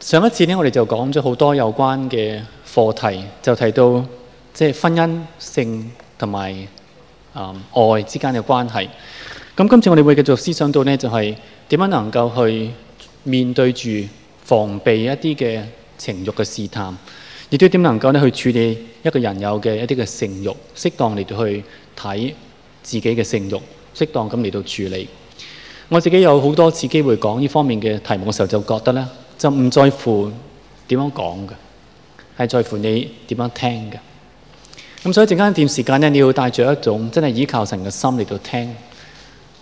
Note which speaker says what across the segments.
Speaker 1: 上一次呢，我哋就講咗好多有關嘅課題，就提到即係、就是、婚姻、性同埋、呃、愛之間嘅關係。咁今次我哋會繼續思想到呢，就係、是、點樣能夠去面對住防備一啲嘅情慾嘅試探，亦都點能夠呢去處理一個人有嘅一啲嘅性慾，適當嚟到去睇自己嘅性慾，適當咁嚟到處理。我自己有好多次機會講呢方面嘅題目嘅時候，就覺得呢。就唔在乎點樣講嘅，係在乎你點樣聽嘅。咁所以陣間一段時間呢，你要帶著一種真係依靠神嘅心嚟到聽。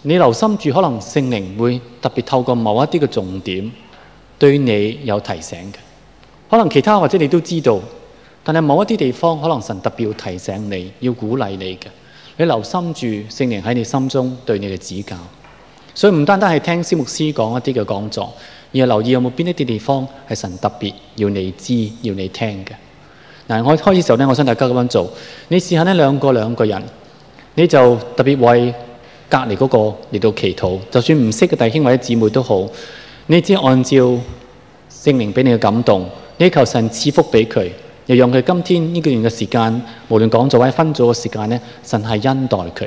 Speaker 1: 你留心住，可能聖靈會特別透過某一啲嘅重點對你有提醒嘅。可能其他或者你都知道，但係某一啲地方可能神特別要提醒你，要鼓勵你嘅。你留心住聖靈喺你心中對你嘅指教。所以唔單單係聽蕭牧師講一啲嘅講座。而留意有冇邊一啲地方係神特別要你知要你聽嘅。嗱，我開始時候咧，我想大家咁樣做。你試下呢，兩個兩個人，你就特別為隔籬嗰個嚟到祈禱。就算唔識嘅弟兄或者姊妹都好，你只係按照聖靈俾你嘅感動，你求神賜福俾佢，又讓佢今天呢段嘅時間，無論講座或者分組嘅時間咧，神係恩待佢。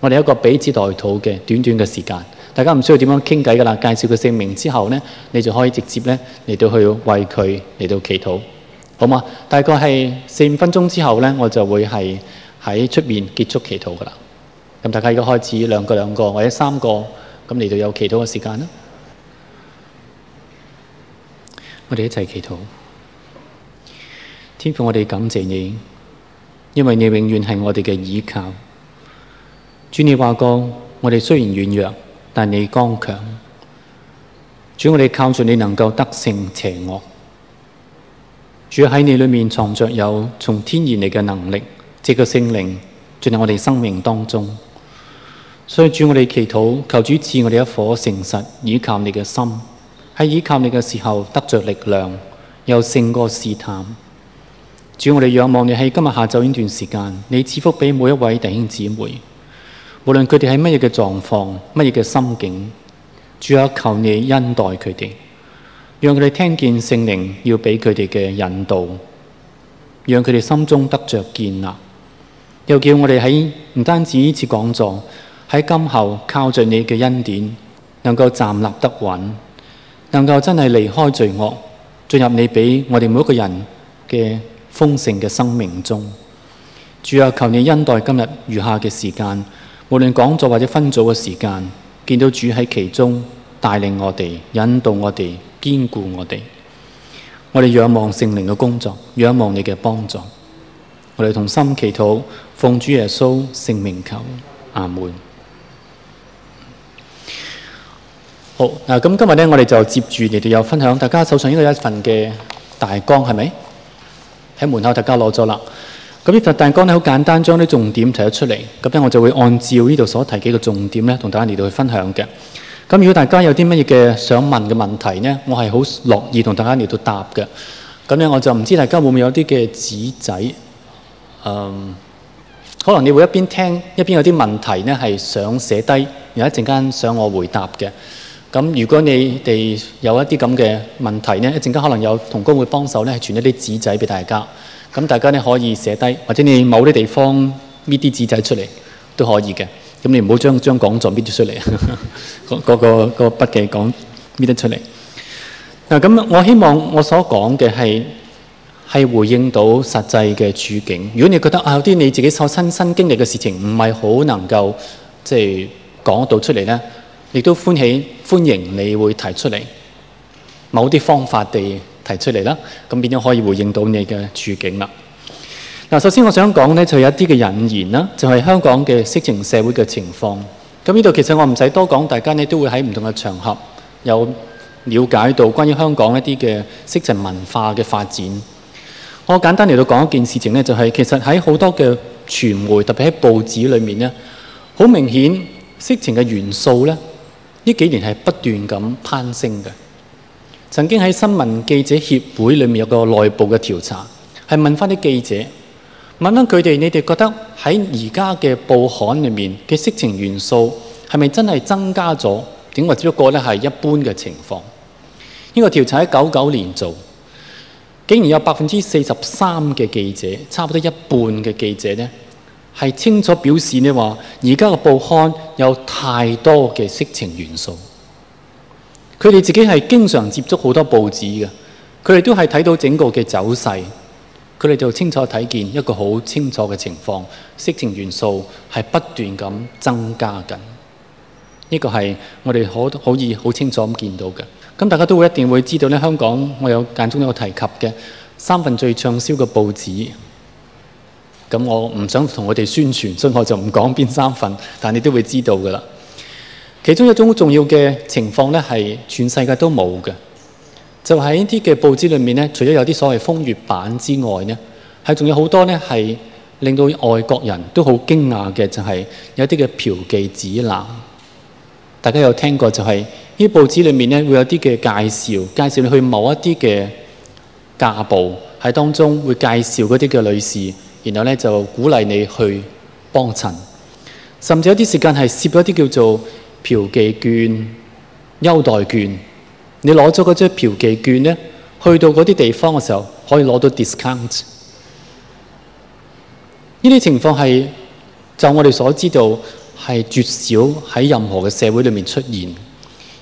Speaker 1: 我哋一個彼此代禱嘅短短嘅時間。大家唔需要點樣傾偈㗎喇，介紹佢姓名之後呢，你就可以直接呢嚟到去為佢嚟到祈禱，好嘛？大概係四五分鐘之後呢，我就會係喺出面結束祈禱㗎喇。咁大家而家開始兩個兩個或者三個，咁嚟到有祈禱嘅時間啦。我哋一齊祈禱，天父，我哋感謝你，因為你永遠係我哋嘅倚靠。主，你話過，我哋雖然軟弱。但你剛強，主，我哋靠住你，能夠得勝邪惡。主，喺你裏面藏着有從天而嚟嘅能力，借個聖靈進入我哋生命當中。所以主，我哋祈禱，求主賜我哋一顆誠實、倚靠你嘅心，喺倚靠你嘅時候得着力量，又勝過試探。主，我哋仰望你，喺今日下晝呢段時間，你賜福俾每一位弟兄姊妹。無論佢哋係乜嘢嘅狀況，乜嘢嘅心境，主啊，求你恩待佢哋，讓佢哋聽見聖靈要俾佢哋嘅引導，讓佢哋心中得着建立。又叫我哋喺唔單止呢次講座，喺今後靠着你嘅恩典，能夠站立得穩，能夠真係離開罪惡，進入你俾我哋每一個人嘅豐盛嘅生命中。主啊，求你恩待今日餘下嘅時間。無論講座或者分組嘅時間，見到主喺其中帶領我哋、引導我哋、堅固我哋，我哋仰望聖靈嘅工作，仰望你嘅幫助，我哋同心祈禱，奉主耶穌聖名求阿門。好嗱，咁今日咧，我哋就接住嚟到又分享，大家手上應該有一份嘅大綱，係咪？喺門口大家攞咗啦。咁呢份大綱咧，好簡單，將啲重點提咗出嚟。咁樣我就會按照呢度所提幾個重點咧，同大家嚟到去分享嘅。咁如果大家有啲乜嘢嘅想問嘅問題呢，我係好樂意同大家嚟到答嘅。咁樣我就唔知大家會唔會有啲嘅紙仔，嗯，可能你會一邊聽一邊有啲問題呢係想寫低，然後一陣間想我回答嘅。咁如果你哋有一啲咁嘅問題呢，一陣間可能有同工會幫手咧，傳一啲紙仔俾大家。咁大家咧可以寫低，或者你某啲地方搣啲紙仔出嚟都可以嘅。咁你唔好將將講座搣咗出嚟啊！嗰 嗰、嗰個嗰、嗰個、筆記講搣得出嚟。嗱，咁我希望我所講嘅係係回應到實際嘅處境。如果你覺得啊有啲你自己所親身身經歷嘅事情唔係好能夠即係講到出嚟咧，亦都歡喜歡迎你會提出嚟某啲方法地。提出嚟啦，咁變咗可以回應到你嘅處境啦。嗱，首先我想講呢，就有一啲嘅引言啦，就係、是、香港嘅色情社會嘅情況。咁呢度其實我唔使多講，大家呢都會喺唔同嘅場合有了解到關於香港一啲嘅色情文化嘅發展。我簡單嚟到講一件事情呢，就是，就係其實喺好多嘅傳媒，特別喺報紙裡面呢，好明顯色情嘅元素呢，呢幾年係不斷咁攀升嘅。曾經喺新聞記者協會裡面有個內部嘅調查，係問返啲記者，問返佢哋：你哋覺得喺而家嘅報刊裏面嘅色情元素係咪真係增加咗？定或只不過咧係一般嘅情況？呢個調查喺九九年做，竟然有百分之四十三嘅記者，差唔多一半嘅記者咧，係清楚表示你話而家嘅報刊有太多嘅色情元素。佢哋自己係經常接觸好多報紙嘅，佢哋都係睇到整個嘅走勢，佢哋就清楚睇見一個好清楚嘅情況，色情元素係不斷咁增加緊。呢個係我哋可可以好清楚咁見到嘅。咁大家都會一定會知道呢，香港我有間中有提及嘅三份最暢銷嘅報紙。咁我唔想同佢哋宣傳，所以我就唔講邊三份，但你都會知道嘅啦。其中一種好重要嘅情況咧，係全世界都冇嘅，就喺呢啲嘅報紙裏面咧，除咗有啲所謂風月版之外咧，係仲有好多咧，係令到外國人都好驚訝嘅，就係有啲嘅嫖妓指南。大家有聽過就係呢啲報紙裏面咧，會有啲嘅介紹，介紹你去某一啲嘅架步，喺當中會介紹嗰啲嘅女士，然後咧就鼓勵你去幫襯，甚至有啲時間係攝一啲叫做。嫖妓券、優待券，你攞咗嗰張嫖妓券呢，去到嗰啲地方嘅時候可以攞到 discount。呢啲情況係就我哋所知道係絕少喺任何嘅社會裏面出現，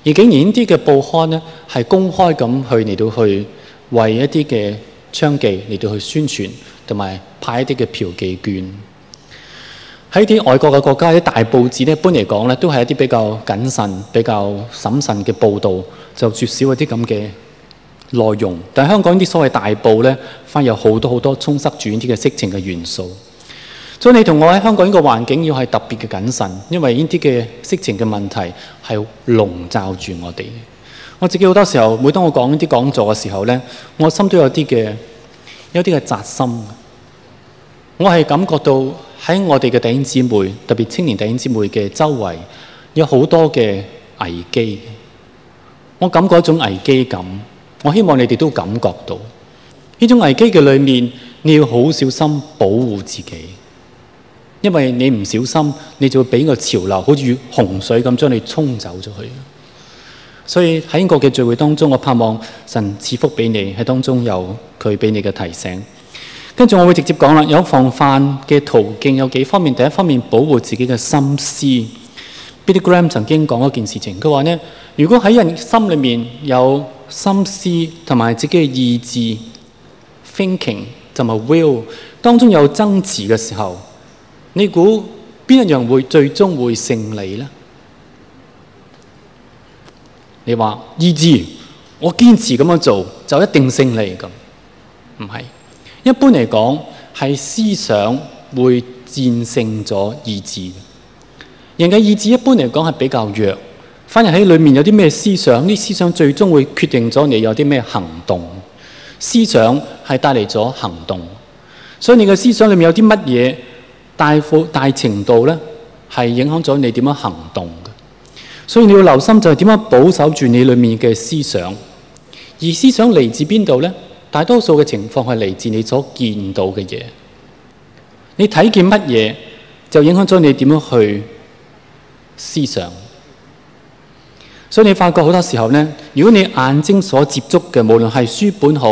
Speaker 1: 而竟然呢啲嘅報刊呢，係公開咁去嚟到去為一啲嘅娼妓嚟到去宣傳同埋派一啲嘅嫖妓券。喺啲外國嘅國家，啲大報紙咧，一般嚟講咧，都係一啲比較謹慎、比較審慎嘅報導，就絕少一啲咁嘅內容。但係香港啲所謂大報咧，反而有好多好多充塞住呢啲嘅色情嘅元素。所以你同我喺香港呢個環境要係特別嘅謹慎，因為呢啲嘅色情嘅問題係籠罩住我哋。我自己好多時候，每當我講呢啲講座嘅時候咧，我心都有啲嘅，有啲嘅扎心。我係感覺到喺我哋嘅弟兄姊妹，特別青年弟兄姊妹嘅周圍，有好多嘅危機。我感覺一種危機感，我希望你哋都感覺到呢種危機嘅裏面，你要好小心保護自己，因為你唔小心，你就會畀個潮流好似洪水咁將你沖走咗去。所以喺英國嘅聚會當中，我盼望神賜福俾你喺當中有佢俾你嘅提醒。跟住，我會直接講啦。有防範嘅途徑有幾方面。第一方面，保護自己嘅心思。Billy Graham 曾經講過一件事情，佢話呢，如果喺人心裏面有心思同埋自己嘅意志 （thinking 同埋 will） 當中有爭持嘅時候，你估邊一樣會最終會勝利呢？你說」你話意志，我堅持咁樣做就一定勝利不唔係？一般嚟講，係思想會戰勝咗意志。人嘅意志一般嚟講係比較弱，反而喺裏面有啲咩思想，啲思想最終會決定咗你有啲咩行動。思想係帶嚟咗行動，所以你嘅思想裏面有啲乜嘢，大副大程度咧係影響咗你點樣行動嘅。所以你要留心就係點樣保守住你裏面嘅思想，而思想嚟自邊度咧？大多數嘅情況係嚟自你所見到嘅嘢，你睇見乜嘢就影響咗你點樣去思想。所以你發覺好多時候咧，如果你眼睛所接觸嘅，無論係書本好、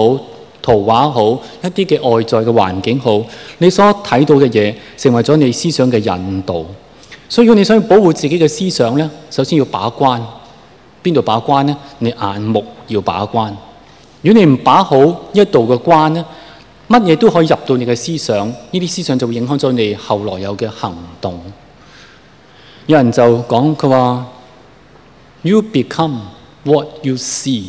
Speaker 1: 圖畫好、一啲嘅外在嘅環境好，你所睇到嘅嘢成為咗你思想嘅引導。所以如果你想保護自己嘅思想咧，首先要把關，邊度把關咧？你眼目要把關。如果你唔把好一道嘅關咧，乜嘢都可以入到你嘅思想，呢啲思想就會影響咗你後來有嘅行動。有人就講，佢話：You become what you see。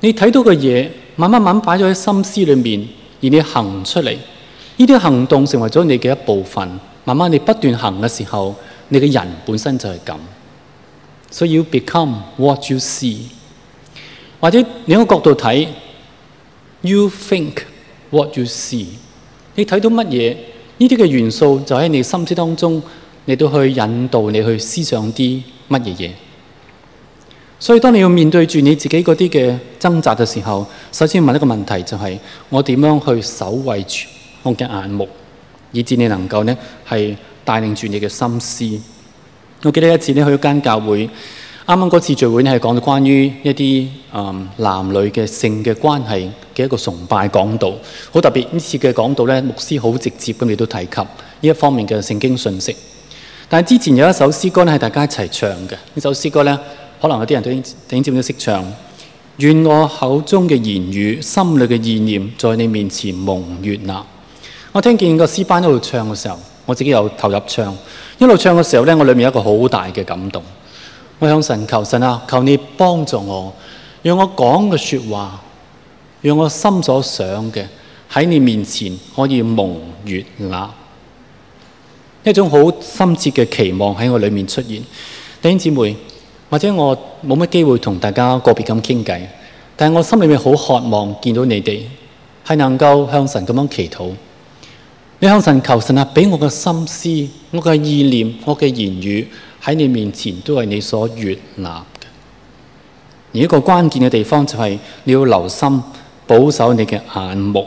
Speaker 1: 你睇到嘅嘢，慢慢慢擺咗喺心思裏面，而你行出嚟，呢啲行動成為咗你嘅一部分。慢慢你不斷行嘅時候，你嘅人本身就係咁。So you become what you see。或者另一個角度睇，You think what you see 你，你睇到乜嘢？呢啲嘅元素就喺你心思當中，你都去引導你去思想啲乜嘢嘢。所以當你要面對住你自己嗰啲嘅掙扎嘅時候，首先要問一個問題就係、是：我點樣去守衛住我嘅眼目，以至你能夠呢係帶領住你嘅心思？我記得一次呢去一間教會。啱啱嗰次聚會呢，係講到關於一啲、嗯、男女嘅性嘅關係嘅一個崇拜講道，好特別。呢次嘅講道呢，牧師好直接咁亦都提及呢一方面嘅聖經信息。但係之前有一首詩歌呢，係大家一齊唱嘅。呢首詩歌呢，可能有啲人都已經頂尖都識唱。願我口中嘅言語、心裏嘅意念，在你面前蒙悅納。我聽見個詩班喺度唱嘅時候，我自己又投入唱。一路唱嘅時候呢，我裏面有一個好大嘅感動。我向神求神啊，求你幫助我，讓我講嘅說話，讓我心所想嘅喺你面前可以蒙悅納，一種好深切嘅期望喺我裏面出現。弟兄姊妹，或者我冇乜機會同大家個別咁傾偈，但係我心裏面好渴望見到你哋，係能夠向神咁樣祈禱。你向神求神啊，俾我嘅心思，我嘅意念，我嘅言語。喺你面前都係你所悅納嘅。而一個關鍵嘅地方就係你要留心保守你嘅眼目。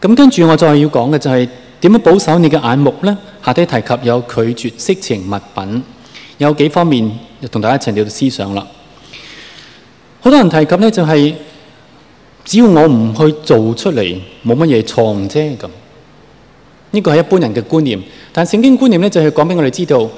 Speaker 1: 咁跟住我再要講嘅就係點樣保守你嘅眼目呢？下底提及有拒絕色情物品，有幾方面，同大家一齊聊到思想啦。好多人提及呢，就係、是、只要我唔去做出嚟，冇乜嘢錯誤啫咁。呢個係一般人嘅觀念，但係聖經觀念咧就係講俾我哋知道，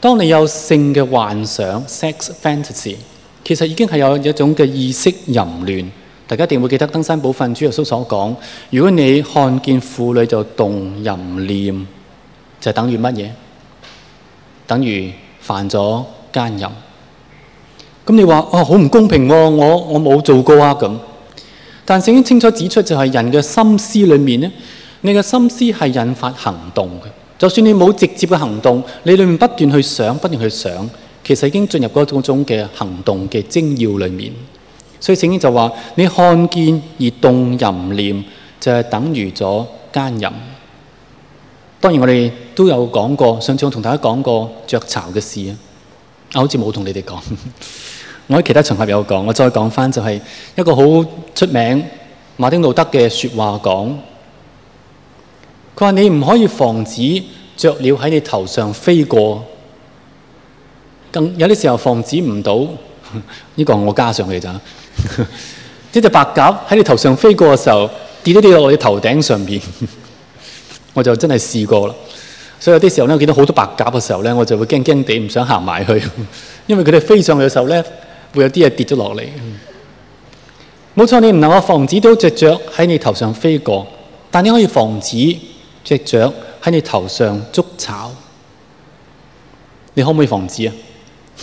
Speaker 1: 當你有性嘅幻想 （sex fantasy），其實已經係有一種嘅意識淫亂。大家一定會記得登山寶訓主耶穌所講：如果你看見婦女就動淫念，就等於乜嘢？等於犯咗奸淫。咁你話啊，好唔公平喎！我我冇做過啊咁。但係聖經清楚指出，就係人嘅心思裡面咧。你嘅心思係引發行動嘅，就算你冇直接嘅行動，你裏面不斷去想、不斷去想，其實已經進入嗰種嘅行動嘅精要裏面。所以聖經就話：你看見而動淫念，就係等於咗奸淫。當然我哋都有講過，上次我同大家講過雀巢嘅事啊，我好似冇同你哋講。我喺其他場合有講，我再講返就係一個好出名馬丁路德嘅説話講。佢話：你唔可以防止雀鳥喺你頭上飛過，更有啲時候防止唔到。呢、這個我加上去咋？呢隻 白鴿喺你頭上飛過嘅時候，跌咗跌落我哋頭頂上邊，我就真係試過啦。所以有啲時候咧，我見到好多白鴿嘅時候咧，我就會驚驚地唔想行埋去，因為佢哋飛上去嘅時候咧，會有啲嘢跌咗落嚟。冇錯、嗯，沒錯，你唔能夠防止到雀鳥喺你頭上飛過，但你可以防止。隻雀喺你頭上築巢，你可唔可以防止啊？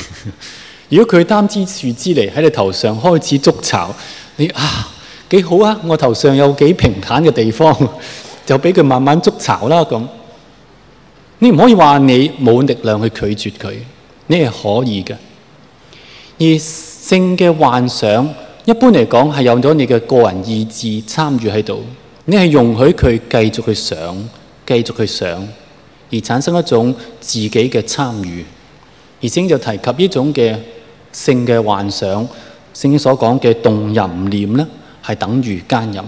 Speaker 1: 如果佢擔支樹枝嚟喺你頭上開始築巢，你啊幾好啊！我頭上有幾平坦嘅地方，就俾佢慢慢築巢啦。咁你唔可以話你冇力量去拒絕佢，你係可以嘅。而性嘅幻想一般嚟講係有咗你嘅個人意志參與喺度。你係容許佢繼續去想，繼續去想，而產生一種自己嘅參與。而聖經就提及呢種嘅性嘅幻想，聖經所講嘅動淫念咧，係等於奸淫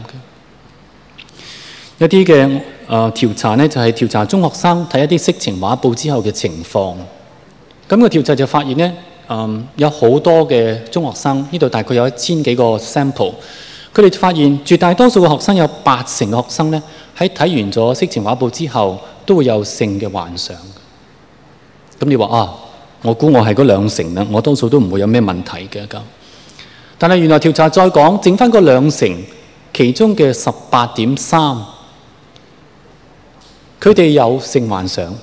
Speaker 1: 嘅。一啲嘅誒調查呢，就係、是、調查中學生睇一啲色情畫報之後嘅情況。咁、那個調查就發現呢，嗯，有好多嘅中學生，呢度大概有一千幾個 sample。佢哋發現絕大多數嘅學生，有八成嘅學生咧，喺睇完咗色情畫報之後，都會有性嘅幻想。咁你話啊，我估我係嗰兩成啦，我多數都唔會有咩問題嘅咁。但係原來調查再講，剩翻嗰兩成，其中嘅十八點三，佢哋有性幻想，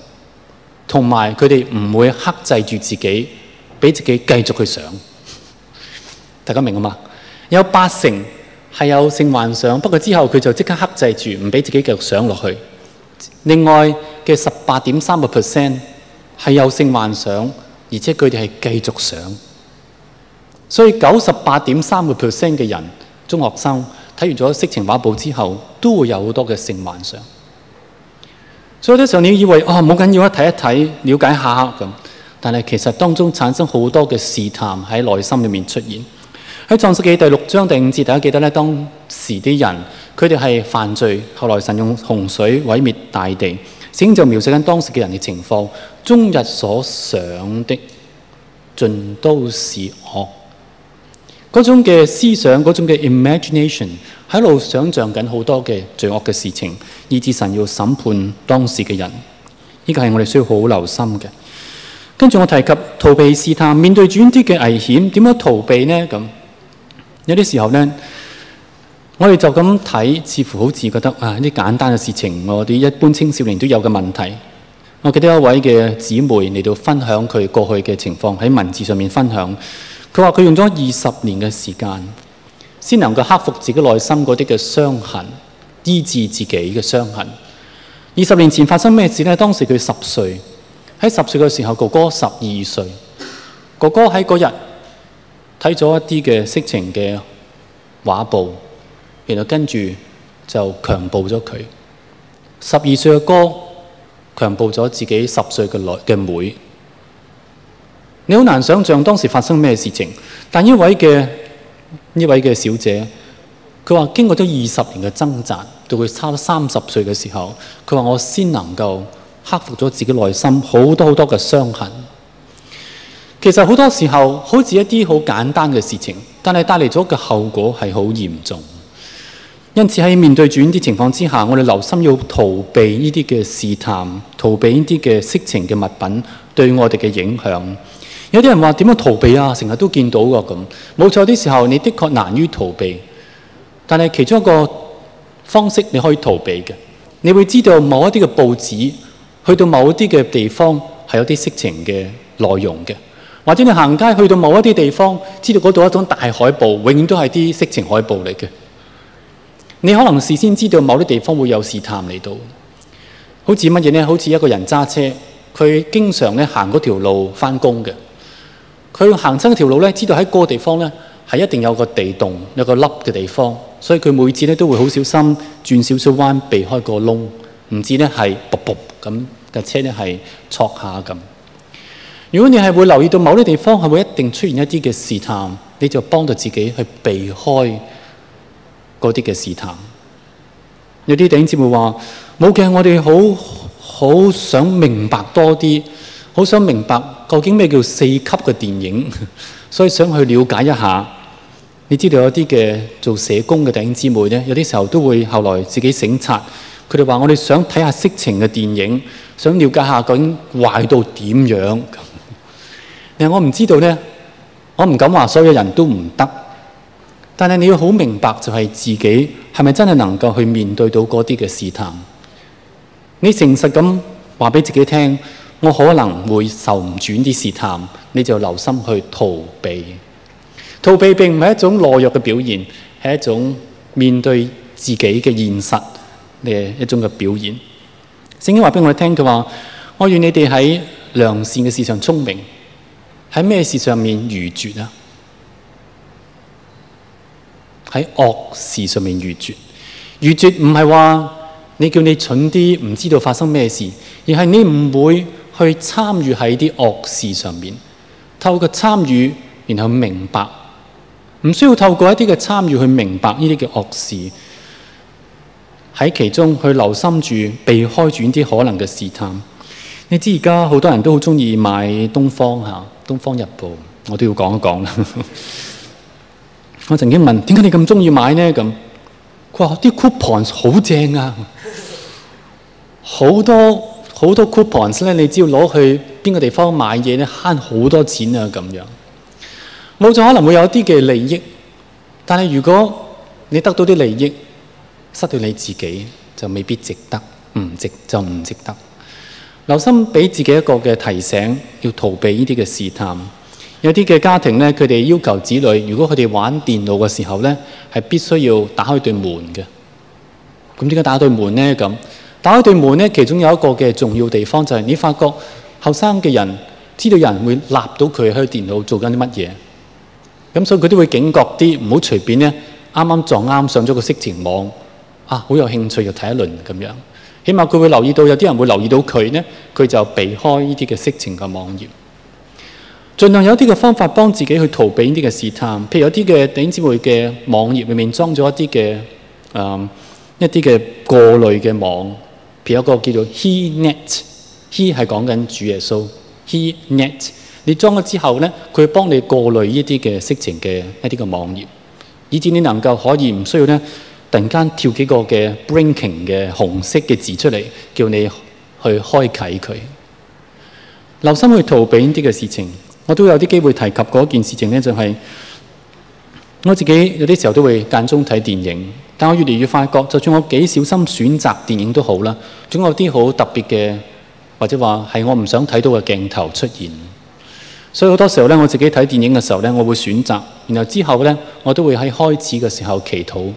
Speaker 1: 同埋佢哋唔會克制住自己，俾自己繼續去想。大家明啊嘛？有八成。係有性幻想，不過之後佢就即刻克制住，唔俾自己繼續想落去。另外嘅十八點三個 percent 係有性幻想，而且佢哋係繼續想。所以九十八點三個 percent 嘅人，中學生睇完咗色情畫報之後，都會有好多嘅性幻想。所以有啲時候你以為，哦，冇緊要啊，睇一睇，了解下咁，但係其實當中產生好多嘅試探喺內心裏面出現。喺《創世記》第六章第五節，大家記得咧，當時啲人佢哋係犯罪，後來神用洪水毀滅大地。先就描述緊當時嘅人嘅情況，終日所想的盡都是惡。嗰種嘅思想，嗰種嘅 imagination，喺路想象緊好多嘅罪惡嘅事情，以至神要審判當時嘅人。呢個係我哋需要好留心嘅。跟住我提及逃避試探，面對遠啲嘅危險，點樣逃避呢？咁。有啲時候呢，我哋就咁睇，似乎好似覺得啊啲簡單嘅事情，我哋一般青少年都有嘅問題。我記得一位嘅姊妹嚟到分享佢過去嘅情況，喺文字上面分享。佢話佢用咗二十年嘅時間，先能夠克服自己內心嗰啲嘅傷痕，醫治自己嘅傷痕。二十年前發生咩事呢？當時佢十歲，喺十歲嘅時候，哥哥十二歲，哥哥喺嗰日，睇咗一啲嘅色情嘅畫報，然後跟住就強暴咗佢。十二歲嘅哥強暴咗自己十歲嘅女嘅妹。你好難想象當時發生咩事情，但呢位嘅呢位嘅小姐，佢話經過咗二十年嘅掙扎，到佢差咗三十歲嘅時候，佢話我先能夠克服咗自己內心好多好多嘅傷痕。其實好多時候，好似一啲好簡單嘅事情，但係帶嚟咗嘅後果係好嚴重。因此喺面對住呢啲情況之下，我哋留心要逃避呢啲嘅試探，逃避呢啲嘅色情嘅物品對我哋嘅影響。有啲人話點樣逃避啊？成日都見到㗎咁。冇錯，啲時候你的確難於逃避，但係其中一個方式你可以逃避嘅。你會知道某一啲嘅報紙，去到某一啲嘅地方係有啲色情嘅內容嘅。或者你行街去到某一啲地方，知道嗰度一種大海報永遠都係啲色情海報嚟嘅。你可能事先知道某啲地方會有試探嚟到。好似乜嘢咧？好似一個人揸車，佢經常咧行嗰條路翻工嘅。佢行親條路咧，知道喺嗰個地方咧係一定有個地洞、有個凹嘅地方，所以佢每次咧都會好小心轉少少彎避開個窿，唔知咧係卜卜咁架車咧係戳下咁。如果你係會留意到某啲地方，係會一定出現一啲嘅試探，你就幫到自己去避開嗰啲嘅試探。有啲頂姊妹話冇嘅，我哋好好想明白多啲，好想明白究竟咩叫四級嘅電影，所以想去了解一下。你知道有啲嘅做社工嘅頂姊妹咧，有啲時候都會後來自己醒察，佢哋話我哋想睇下色情嘅電影，想了解下究竟壞到點樣。其實，我唔知道呢，我唔敢話所有人都唔得，但係你要好明白，就係自己係咪真係能夠去面對到嗰啲嘅試探？你誠實咁話俾自己聽，我可能會受唔住啲試探，你就留心去逃避。逃避並唔係一種懦弱嘅表現，係一種面對自己嘅現實嘅一種嘅表現。聖經話俾我哋聽，佢話我願你哋喺良善嘅事上聰明。喺咩事上面愚拙啊？喺惡事上面愚拙，愚拙唔係話你叫你蠢啲唔知道發生咩事，而係你唔會去參與喺啲惡事上面。透過參與，然後明白，唔需要透過一啲嘅參與去明白呢啲嘅惡事。喺其中去留心住，避開住呢啲可能嘅試探。你知而家好多人都好鍾意買東方嚇。《東方日報》，我都要講一講啦。 我曾經問：點解你咁中意買呢？咁佢話啲 coupons 好正啊，好多好多 coupons 咧，你只要攞去邊個地方買嘢咧，慳好多錢啊！咁樣冇錯，可能會有啲嘅利益，但係如果你得到啲利益，失去你自己，就未必值得。唔值就唔值得。留心俾自己一個嘅提醒，要逃避呢啲嘅試探。有啲嘅家庭咧，佢哋要求子女，如果佢哋玩電腦嘅時候咧，係必須要打開對門嘅。咁點解打開對門咧？咁打開對門咧，其中有一個嘅重要地方就係，你發覺後生嘅人知道有人會立到佢喺電腦做緊啲乜嘢，咁所以佢都會警覺啲，唔好隨便咧，啱啱撞啱上咗個色情網啊，好有興趣就睇一輪咁樣。起碼佢會留意到，有啲人會留意到佢咧，佢就避開呢啲嘅色情嘅網頁，儘量有啲嘅方法幫自己去逃避呢啲嘅試探。譬如有啲嘅頂尖嘅網頁裏面裝咗一啲嘅誒一啲嘅過濾嘅網，譬如有個叫做 He Net，He 係講緊主耶穌 He Net，你裝咗之後咧，佢會幫你過濾呢啲嘅色情嘅一啲嘅網頁，以至你能夠可以唔需要咧。突然間跳幾個嘅 blinking 嘅紅色嘅字出嚟，叫你去開啟佢。留心去逃避呢啲嘅事情。我都有啲機會提及嗰件事情呢就係、是、我自己有啲時候都會間中睇電影，但我越嚟越發覺，就算我幾小心選擇電影都好啦，總有啲好特別嘅，或者話係我唔想睇到嘅鏡頭出現。所以好多時候呢，我自己睇電影嘅時候呢，我會選擇，然後之後呢，我都會喺開始嘅時候祈禱。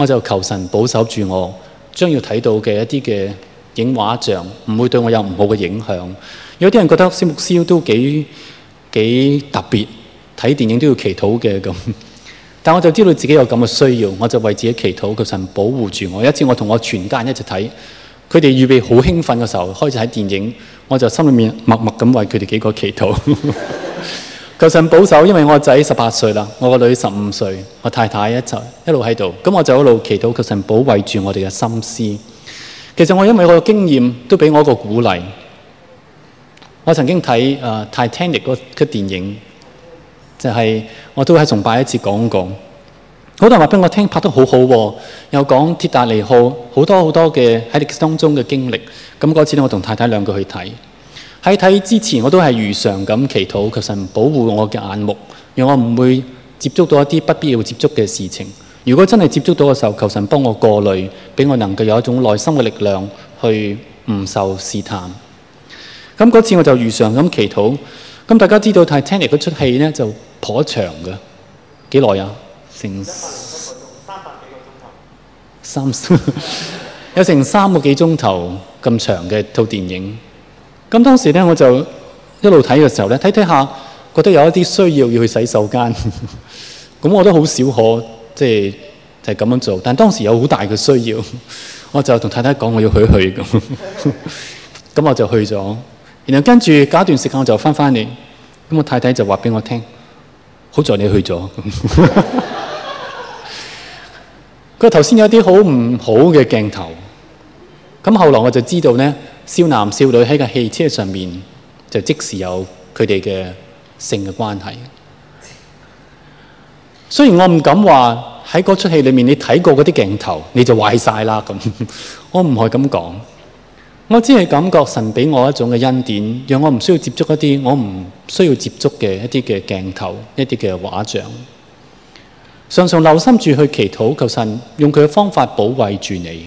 Speaker 1: 我就求神保守住我，將要睇到嘅一啲嘅影畫像，唔會對我有唔好嘅影響。有啲人覺得蕭牧師都幾幾特別，睇電影都要祈禱嘅咁。但我就知道自己有咁嘅需要，我就為自己祈禱，求神保護住我。一次我同我全家人一齊睇，佢哋預備好興奮嘅時候開始睇電影，我就心裏面默默咁為佢哋幾個祈禱。 求神保守，因為我個仔十八歲啦，我個女十五歲，我太太一齊一路喺度，咁我就一路祈禱求神保衞住我哋嘅心思。其實我因為我嘅經驗都俾我一個鼓勵。我曾經睇《Titanic》嗰，那個電影，就係、是，我都喺崇拜一次講講。好多人話俾我聽，拍得好好、啊、喎，又講鐵達尼號好多好多嘅喺歷史當中嘅經歷。咁嗰次咧，我同太太兩個去睇。喺睇之前我都係如常咁祈禱，求神保護我嘅眼目，讓我唔會接觸到一啲不必要接觸嘅事情。如果真係接觸到嘅時候，求神幫我過濾，俾我能夠有一種內心嘅力量去唔受試探。咁嗰次我就如常咁祈禱。咁大家知道《Titanic》嗰出戲呢就頗長嘅，幾耐啊？成三百幾個鐘頭，三 有成三個幾鐘頭咁長嘅套電影。咁當時咧，我就一路睇嘅時候咧，睇睇下覺得有一啲需要要去洗手間。咁 我都好少可即係就係咁樣做，但係當時有好大嘅需要，我就同太太講我要去去咁。咁 我就去咗，然後跟住隔一段時間我就翻翻嚟。咁我太太就話俾我聽， 好在你去咗。佢頭先有啲好唔好嘅鏡頭。咁後來我就知道呢少男少女喺個汽車上面就即時有佢哋嘅性嘅關係。雖然我唔敢話喺嗰出戲裏面你睇過嗰啲鏡頭你就壞晒啦咁，我唔係咁講。我只係感覺神畀我一種嘅恩典，讓我唔需要接觸一啲我唔需要接觸嘅一啲嘅鏡頭，一啲嘅畫像。常常留心住去祈禱，求神用佢嘅方法保衛住你。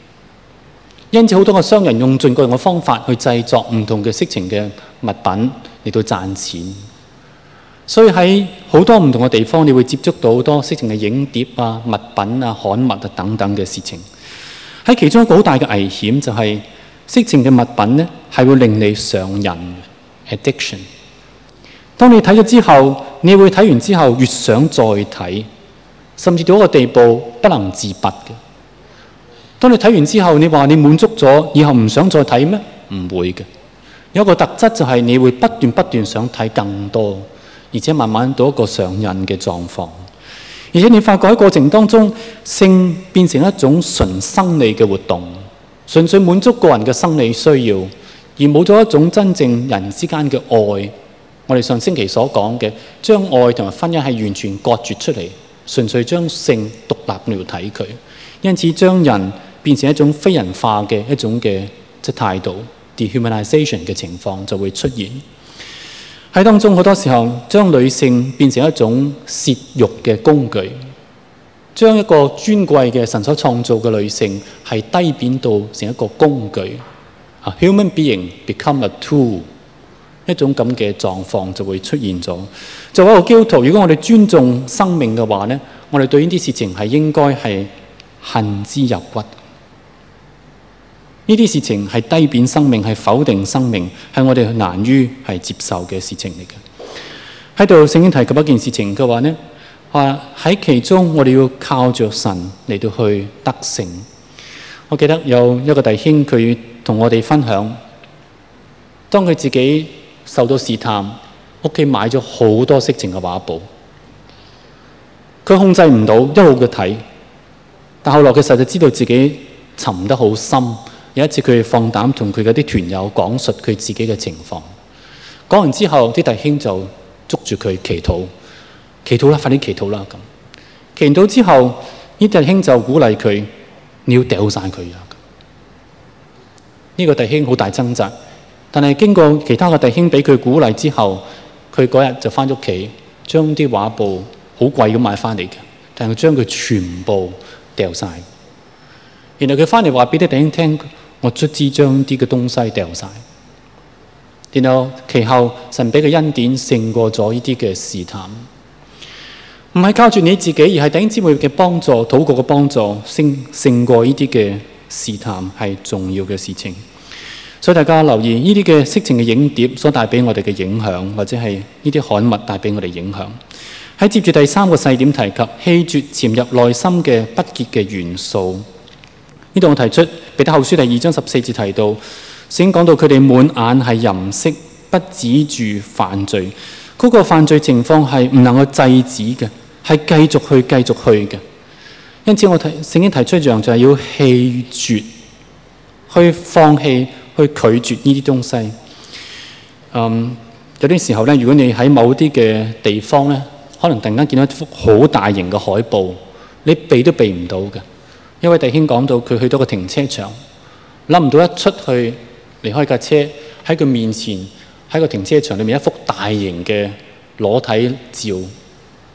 Speaker 1: 因此，好多嘅商人用盡各樣嘅方法去製作唔同嘅色情嘅物品嚟到賺錢。所以喺好多唔同嘅地方，你會接觸到好多色情嘅影碟啊、物品啊、刊物啊等等嘅事情。喺其中一個好大嘅危險就係色情嘅物品咧，係會令你上癮 addiction。當你睇咗之後，你會睇完之後越想再睇，甚至到一個地步不能自拔嘅。當你睇完之後，你話你滿足咗，以後唔想再睇咩？唔會嘅，有一個特質就係你會不斷不斷想睇更多，而且慢慢到一個上癮嘅狀況。而且你發覺喺過程當中，性變成一種純生理嘅活動，純粹滿足個人嘅生理需要，而冇咗一種真正人之間嘅愛。我哋上星期所講嘅，將愛同埋婚姻係完全割絕出嚟，純粹將性獨立嚟睇佢，因此將人變成一種非人化嘅一種嘅即係態度，dehumanization 嘅情況就會出現喺當中。好多時候將女性變成一種泄欲嘅工具，將一個尊貴嘅神所創造嘅女性係低扁到成一個工具啊。A human being become a tool，一種咁嘅狀況就會出現咗。作為一個基督徒，如果我哋尊重生命嘅話咧，我哋對呢啲事情係應該係恨之入骨。呢啲事情係低貶生命，係否定生命，係我哋難於接受嘅事情嚟嘅。喺度聖經提及一件事情，佢話，呢話喺其中我哋要靠着神嚟到去得勝。我記得有一個弟兄佢同我哋分享，當佢自己受到試探，屋企買咗好多色情嘅畫報，佢控制唔到一路嘅睇。但後來佢實就知道自己沉得好深。有一次佢放膽同佢嗰啲團友講述佢自己嘅情況，講完之後啲弟兄就捉住佢祈禱，祈禱啦，快啲祈禱啦咁。祈禱之後，呢弟兄就鼓勵佢，你要掉晒佢啊！呢個弟兄好大掙扎，但係經過其他嘅弟兄俾佢鼓勵之後，佢嗰日就翻屋企將啲畫布好貴咁買翻嚟嘅，但係將佢全部掉晒。然後佢翻嚟話俾啲弟兄聽。我卒之將啲嘅東西掉晒，然後其後神俾嘅恩典勝過咗呢啲嘅試探，唔係靠住你自己，而係頂姊妹嘅幫助、禱告嘅幫助，勝勝過呢啲嘅試探係重要嘅事情。所以大家留意呢啲嘅色情嘅影碟所帶俾我哋嘅影響，或者係呢啲刊物帶俾我哋影響。喺接住第三個細點提及，棄絕潛入內心嘅不潔嘅元素。呢度我提出《彼得後書》第二章十四節提到，聖經講到佢哋滿眼係淫色，不止住犯罪，嗰、嗰個犯罪情況係唔能夠制止嘅，係繼續去繼續去嘅。因此我提聖經提出一樣就係要棄絕，去放棄，去拒絕呢啲東西。嗯，有啲時候咧，如果你喺某啲嘅地方咧，可能突然間見到一幅好大型嘅海報，你避都避唔到嘅。一位弟兄講到，佢去到個停車場，諗唔到一出去離開架車，喺佢面前，喺個停車場裏面一幅大型嘅裸體照，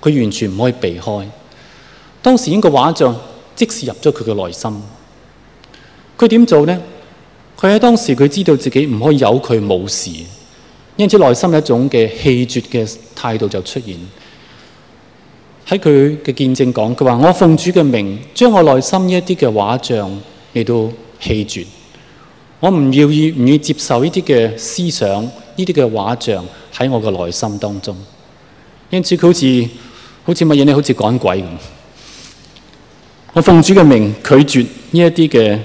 Speaker 1: 佢完全唔可以避開。當時呢個畫像即時入咗佢嘅內心，佢點做呢？佢喺當時佢知道自己唔可以由佢冇事，因此內心有一種嘅氣絕嘅態度就出現。喺佢嘅見證講，佢話，我奉主嘅名，將我內心呢一啲嘅畫像嚟到棄絕。我唔要意，唔要接受呢啲嘅思想、呢啲嘅畫像喺我嘅內心當中。因此佢好似好似乜嘢咧？好似趕鬼咁。我奉主嘅名拒絕呢一啲嘅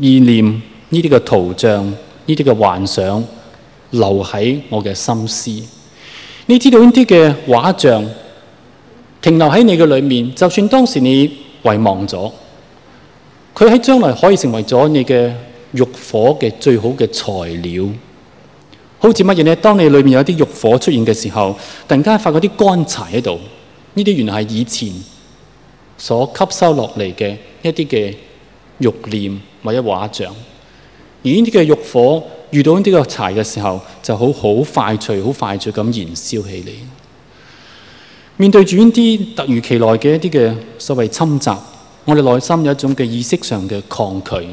Speaker 1: 意念、呢啲嘅圖像、呢啲嘅幻想，留喺我嘅心思。你知道呢啲嘅畫像，停留喺你嘅裏面，就算當時你遺忘咗，佢喺將來可以成為咗你嘅欲火嘅最好嘅材料。好似乜嘢呢？當你裏面有啲欲火出現嘅時候，突然間發覺啲乾柴喺度，呢啲原來係以前所吸收落嚟嘅一啲嘅欲念或者畫像。而呢啲嘅欲火遇到呢啲嘅柴嘅時候，就好好快脆、好快脆咁燃燒起嚟。面對住呢啲突如其來嘅一啲嘅所謂侵襲，我哋內心有一種嘅意識上嘅抗拒。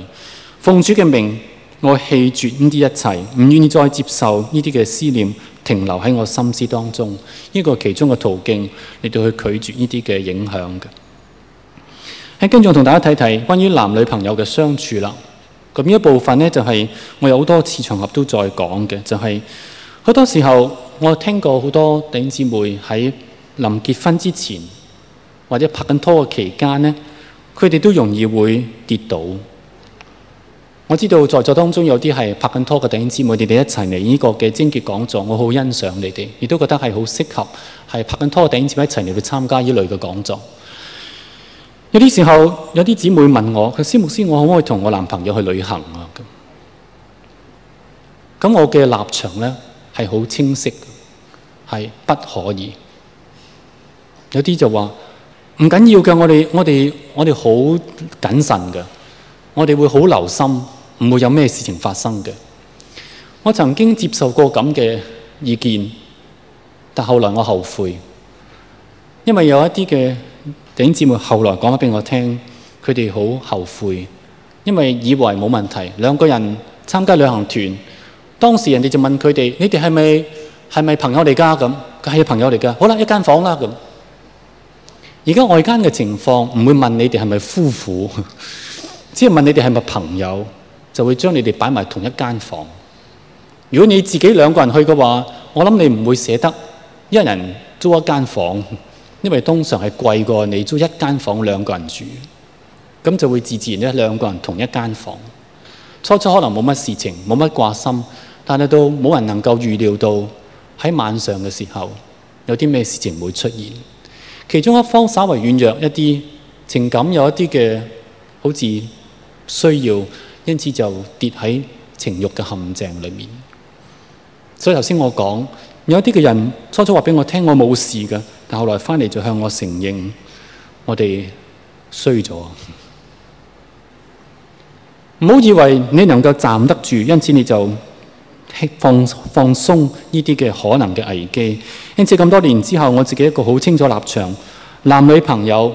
Speaker 1: 奉主嘅名，我棄絕呢啲一切，唔願意再接受呢啲嘅思念停留喺我心思當中。呢、這個其中嘅途徑嚟到去拒絕呢啲嘅影響嘅。喺跟住，我同大家睇睇關於男女朋友嘅相處啦。咁呢一部分呢，就係我有好多次場合都在講嘅，就係、是、好多時候我聽過好多弟兄姊妹喺。臨結婚之前，或者拍緊拖嘅期間呢，佢哋都容易會跌倒。我知道在座當中有啲係拍緊拖嘅弟兄姊妹，你哋一齊嚟呢個嘅貞潔講座，我好欣賞你哋，亦都覺得係好適合係拍緊拖嘅弟兄姊妹一齊嚟去參加呢類嘅講座。有啲時候，有啲姊妹問我：「蕭牧師，我可唔可以同我男朋友去旅行啊？咁，咁我嘅立場咧係好清晰，係不可以。有啲就話唔緊要嘅，我哋我哋我哋好謹慎嘅，我哋會好留心，唔會有咩事情發生嘅。我曾經接受過咁嘅意見，但後來我後悔，因為有一啲嘅弟兄姊妹後來講咗俾我聽，佢哋好後悔，因為以為冇問題。兩個人參加旅行團，當時人哋就問佢哋：你哋係咪係咪朋友嚟㗎？咁佢係朋友嚟㗎。好啦，一間房啦咁。而家外間嘅情況唔會問你哋係咪夫婦，只係問你哋係咪朋友，就會將你哋擺埋同一間房。如果你自己兩個人去嘅話，我諗你唔會捨得一人租一間房，因為通常係貴過你租一間房兩個人住。咁就會自自然地，兩個人同一間房。初初可能冇乜事情，冇乜掛心，但係都冇人能夠預料到喺晚上嘅時候有啲咩事情會出現。其中一方稍微軟弱一啲，情感有一啲嘅好似需要，因此就跌喺情欲嘅陷阱裏面。所以頭先我講，有一啲嘅人初初話俾我聽，我冇事㗎，但後來返嚟就向我承認我們了，我哋衰咗。唔好以為你能夠站得住，因此你就。放放鬆呢啲嘅可能嘅危機，因此咁多年之後，我自己一個好清楚立場：男女朋友，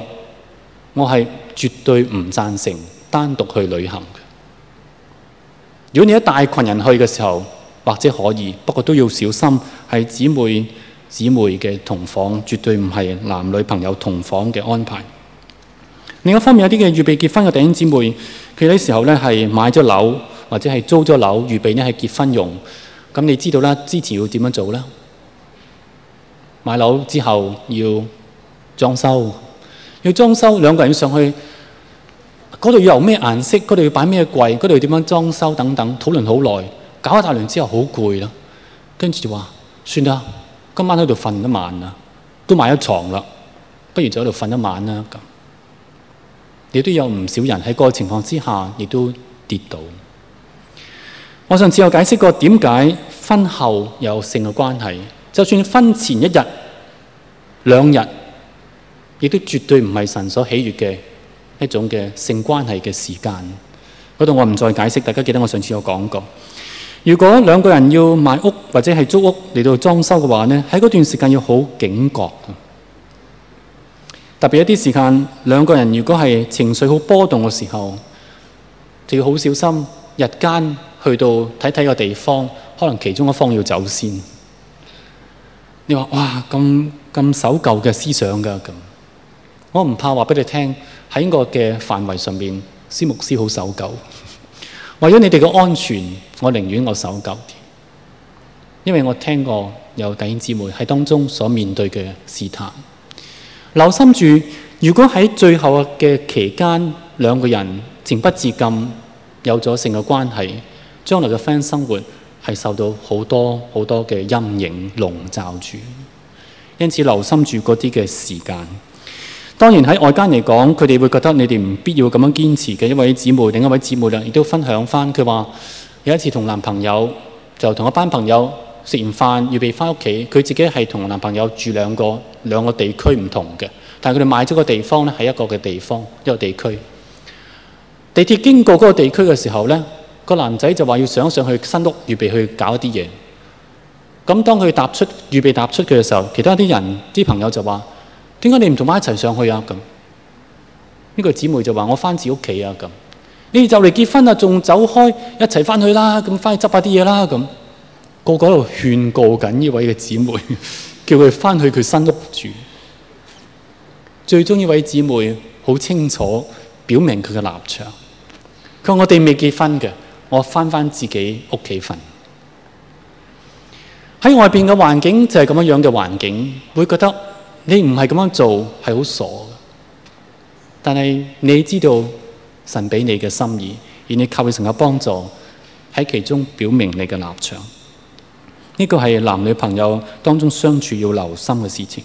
Speaker 1: 我係絕對唔贊成單獨去旅行。如果你一大群人去嘅時候，或者可以，不過都要小心，係姊妹姊妹嘅同房，絕對唔係男女朋友同房嘅安排。另一方面，有啲嘅預備結婚嘅弟兄姊妹。佢呢時候呢，係買咗樓，或者係租咗樓，預備呢係結婚用。咁你知道啦，之前要點樣做啦？買樓之後要裝修，要裝修，兩個人要上去嗰度要有咩顏色，嗰度要擺咩櫃，嗰度點樣裝修等等，討論好耐，搞咗大輪之後好攰啦。跟住就話：算啦，今晚喺度瞓一晚啦，都買咗床啦，不如就喺度瞓一晚啦。亦都有唔少人喺個情況之下，亦都跌倒。我上次有解釋過點解婚後有性嘅關係，就算婚前一日、兩日，亦都絕對唔係神所喜悅嘅一種嘅性關係嘅時間。嗰度我唔再解釋，大家記得我上次有講過。如果兩個人要買屋或者係租屋嚟到裝修嘅話呢，喺嗰段時間要好警覺。特別一啲時間，兩個人如果係情緒好波動嘅時候，就要好小心。日間去到睇睇個地方，可能其中一方要走先。你話哇，咁咁守舊嘅思想㗎咁，我唔怕話畀你聽，喺我嘅範圍上面，蕭牧師好守舊。為咗你哋嘅安全，我寧願我守舊啲，因為我聽過有弟兄姊妹喺當中所面對嘅試探。留心住，如果喺最後嘅期間，兩個人情不自禁有咗性嘅關係，將來嘅婚姻生活係受到好多好多嘅陰影籠罩住。因此留心住嗰啲嘅時間。當然喺外間嚟講，佢哋會覺得你哋唔必要咁樣堅持嘅。一位姊妹，另一位姊妹啦，亦都分享返，佢話有一次同男朋友就同一班朋友。食完飯，預備翻屋企。佢自己係同男朋友住兩個兩個地區唔同嘅，但係佢哋買咗個地方咧，係一個嘅地方一個地區。地鐵經過嗰個地區嘅時候咧，個男仔就話要想上去新屋，預備去搞一啲嘢。咁當佢踏出預備踏出佢嘅時候，其他啲人啲朋友就話：點解你唔同埋一齊上去啊？咁、那、呢個姊妹就話：我翻自己屋企啊！咁，你哋就嚟結婚啦，仲走開？一齊翻去啦！咁翻去執下啲嘢啦！咁。個個喺度勸告緊呢位嘅姊妹，叫佢翻去佢新屋住。最終呢位姊妹，好清楚表明佢嘅立場。佢話我哋未結婚嘅，我翻翻自己屋企瞓。喺外邊嘅環境就係咁樣樣嘅環境，會覺得你唔係咁樣做係好傻。但係你知道神俾你嘅心意，而你求佢神嘅幫助喺其中表明你嘅立場。呢個係男女朋友當中相處要留心嘅事情。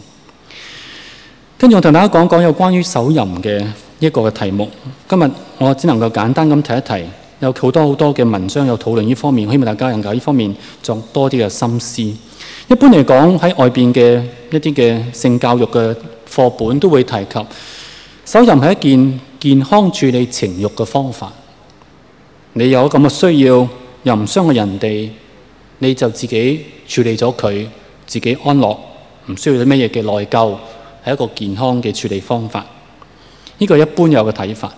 Speaker 1: 跟住我同大家講一講有關於手淫嘅一個嘅題目。今日我只能夠簡單咁提一提，有好多好多嘅文章有討論呢方面，希望大家能夠呢方面作多啲嘅心思。一般嚟講，喺外面嘅一啲嘅性教育嘅課本都會提及，手淫係一件健康處理情欲嘅方法。你有咁嘅需要，又唔傷害人哋。你就自己處理咗佢，自己安樂，唔需要啲乜嘢嘅內疚，係一個健康嘅處理方法。呢個一般有個睇法。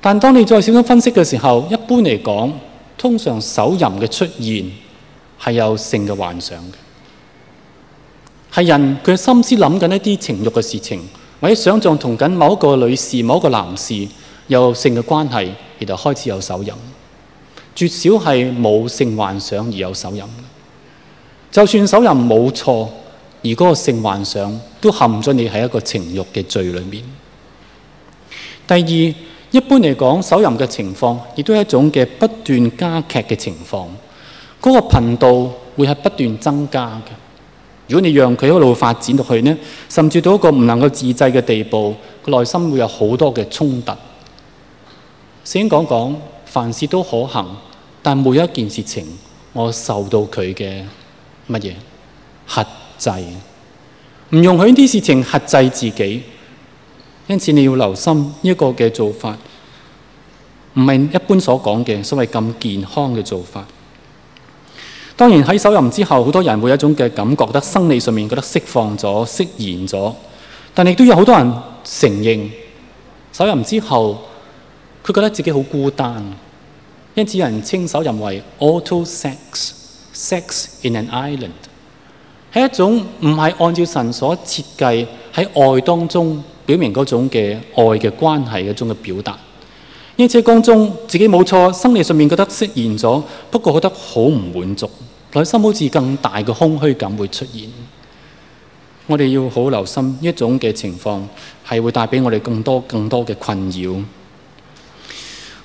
Speaker 1: 但係當你再小心分析嘅時候，一般嚟講，通常手淫嘅出現係有性嘅幻想嘅，係人佢心思諗緊一啲情慾嘅事情，或者想像同緊某一個女士、某一個男士有性嘅關係，而就開始有手淫。絕少係冇性幻想而有手淫，就算手淫冇錯，而嗰個性幻想都陷咗你喺一個情欲嘅罪裏面。第二，一般嚟講，手淫嘅情況亦都係一種嘅不斷加劇嘅情況，嗰個頻道會係不斷增加嘅。如果你讓佢一路發展落去呢，甚至到一個唔能夠自制嘅地步，佢內心會有好多嘅衝突。先講講，凡事都可行。但每一件事情，我受到佢嘅乜嘢限制，唔容許啲事情限制自己，因此你要留心呢一個嘅做法，唔係一般所講嘅所謂咁健康嘅做法。當然喺手淫之後，好多人會有一種嘅感覺，得生理上面覺得釋放咗、釋然咗，但亦都有好多人承認手淫之後，佢覺得自己好孤單。因此人稱手淫為 auto sex sex in an island 係一種唔係按照神所設計喺愛當中表明嗰種嘅愛嘅關係嘅一種嘅表達。因此當中自己冇錯，生理上面覺得實現咗，不過覺得好唔滿足，內心好似更大嘅空虛感會出現。我哋要好留心呢一種嘅情況，係會帶俾我哋更多更多嘅困擾。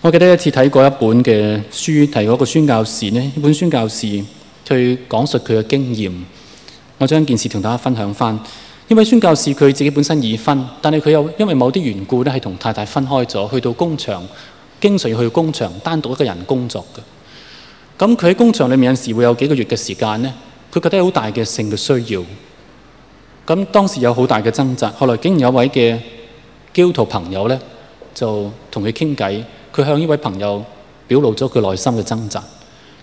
Speaker 1: 我記得一次睇過一本嘅書，提過一個宣教士呢，呢本宣教士去講述佢嘅經驗。我將件事同大家分享翻。因為宣教士佢自己本身已婚，但係佢又因為某啲緣故咧，係同太太分開咗，去到工場經常要去工場單獨一個人工作嘅。咁佢喺工場裏面有時會有幾個月嘅時間呢，佢覺得好大嘅性嘅需要。咁當時有好大嘅掙扎，後來竟然有位嘅基督徒朋友呢，就同佢傾偈。他向這位朋友表露了他內心的掙扎，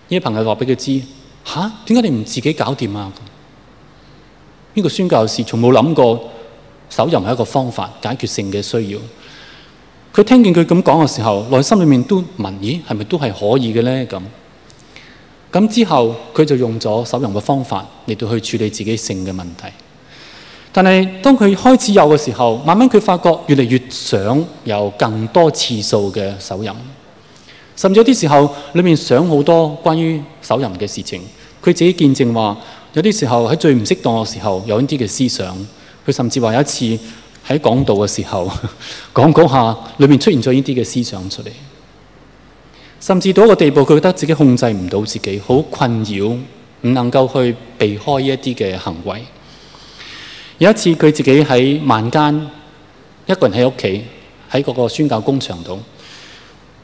Speaker 1: 這位朋友告訴他、啊、為什麼你不自己搞定啊？這個宣教士從沒想過手淫是一個方法解決性的需要，他聽見他這樣說的時候，內心裏面都問，咦，是不是都是可以的呢？咁咁之後他就用了手淫的方法來去處理自己性的問題。但係，當佢開始有嘅時候，慢慢佢發覺越嚟越想有更多次數嘅手淫，甚至有啲時候裏面想好多關於手淫嘅事情。佢自己見證話，有啲時候喺最唔適當嘅時候有呢啲嘅思想。佢甚至話有一次喺講道嘅時候講講下，裏面出現咗呢啲嘅思想出嚟。甚至到一個地步，佢覺得自己控制唔到自己，好困擾，唔能夠去避開呢一啲嘅行為。有一次佢自己喺晚間，一個人喺屋企喺嗰個宣教工場度，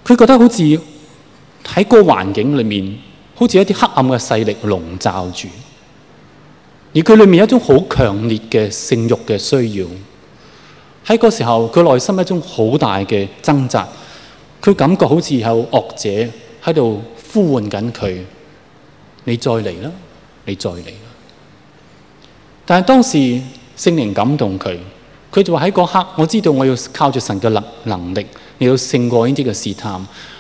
Speaker 1: 佢覺得好似喺嗰個環境裏面，好似一啲黑暗嘅勢力籠罩住，而佢裏面有一種好強烈嘅性欲嘅需要。喺嗰時候，佢內心有一種好大嘅掙扎，佢感覺好似有惡者喺度呼喚緊佢：「你再嚟啦，你再嚟啦！」但係當時。聖靈感動佢，佢就話喺嗰刻我知道我要靠住神嘅能能力，你要勝過呢啲嘅試探。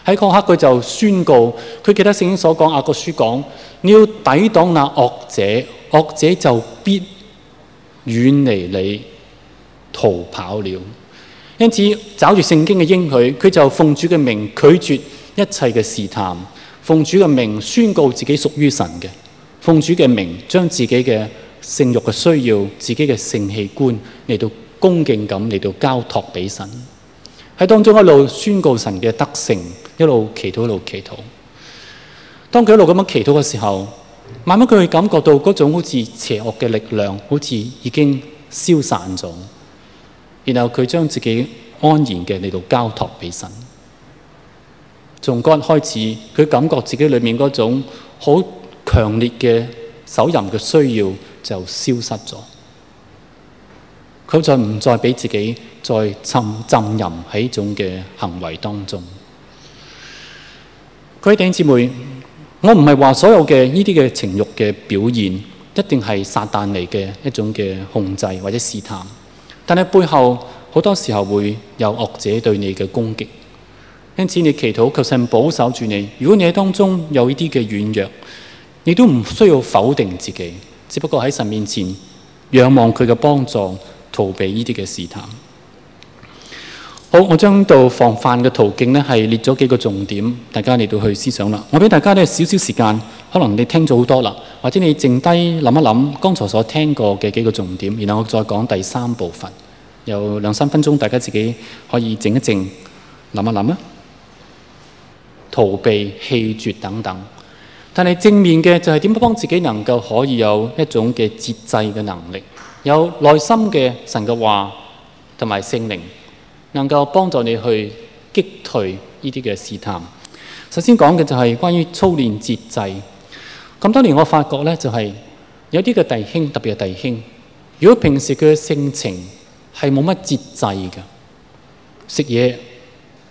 Speaker 1: 喺嗰刻佢就宣告，佢記得聖經所講，雅各書講，你要抵擋那惡者，惡者就必遠離你，逃跑了。因此找住聖經嘅應許，佢就奉主嘅名拒絕一切嘅試探，奉主嘅名宣告自己屬於神嘅，奉主嘅名將自己嘅。性欲嘅需要，自己嘅性器官嚟到恭敬咁嚟到交託俾神，喺當中一路宣告神嘅德性，一路祈禱一路祈禱。當佢一路咁樣祈禱嘅時候，慢慢佢會感覺到嗰種好似邪惡嘅力量，好似已經消散咗。然後佢將自己安然嘅嚟到交託俾神。從嗰日開始，佢感覺自己裏面嗰種好強烈嘅手淫嘅需要。就消失咗，佢就唔再俾自己再浸浸淫喺種嘅行為當中。各位弟兄姊妹，我唔係話所有嘅呢啲嘅情欲嘅表現一定係撒旦嚟嘅一種嘅控制或者試探，但係背後好多時候會有惡者對你嘅攻擊，因此你祈禱求神保守住你。如果你喺當中有呢啲嘅軟弱，你都唔需要否定自己。只不過喺神面前仰望佢嘅幫助，逃避呢啲嘅試探。好，我將到防範嘅途徑咧係列咗幾個重點，大家嚟到去思想啦。我俾大家呢少少時間，可能你聽咗好多啦，或者你剩低諗一諗剛才所聽過嘅幾個重點，然後我再講第三部分。有兩三分鐘，大家自己可以靜一靜，諗一諗啊。逃避、棄絕等等。但係正面嘅就係點樣幫自己能夠可以有一種嘅節制嘅能力，有內心嘅神嘅話同埋聖靈，能夠幫助你去擊退呢啲嘅試探。首先講嘅就係關於操練節制。咁多年我發覺咧，就係有啲嘅弟兄特別係弟兄，如果平時佢嘅性情係冇乜節制嘅，食嘢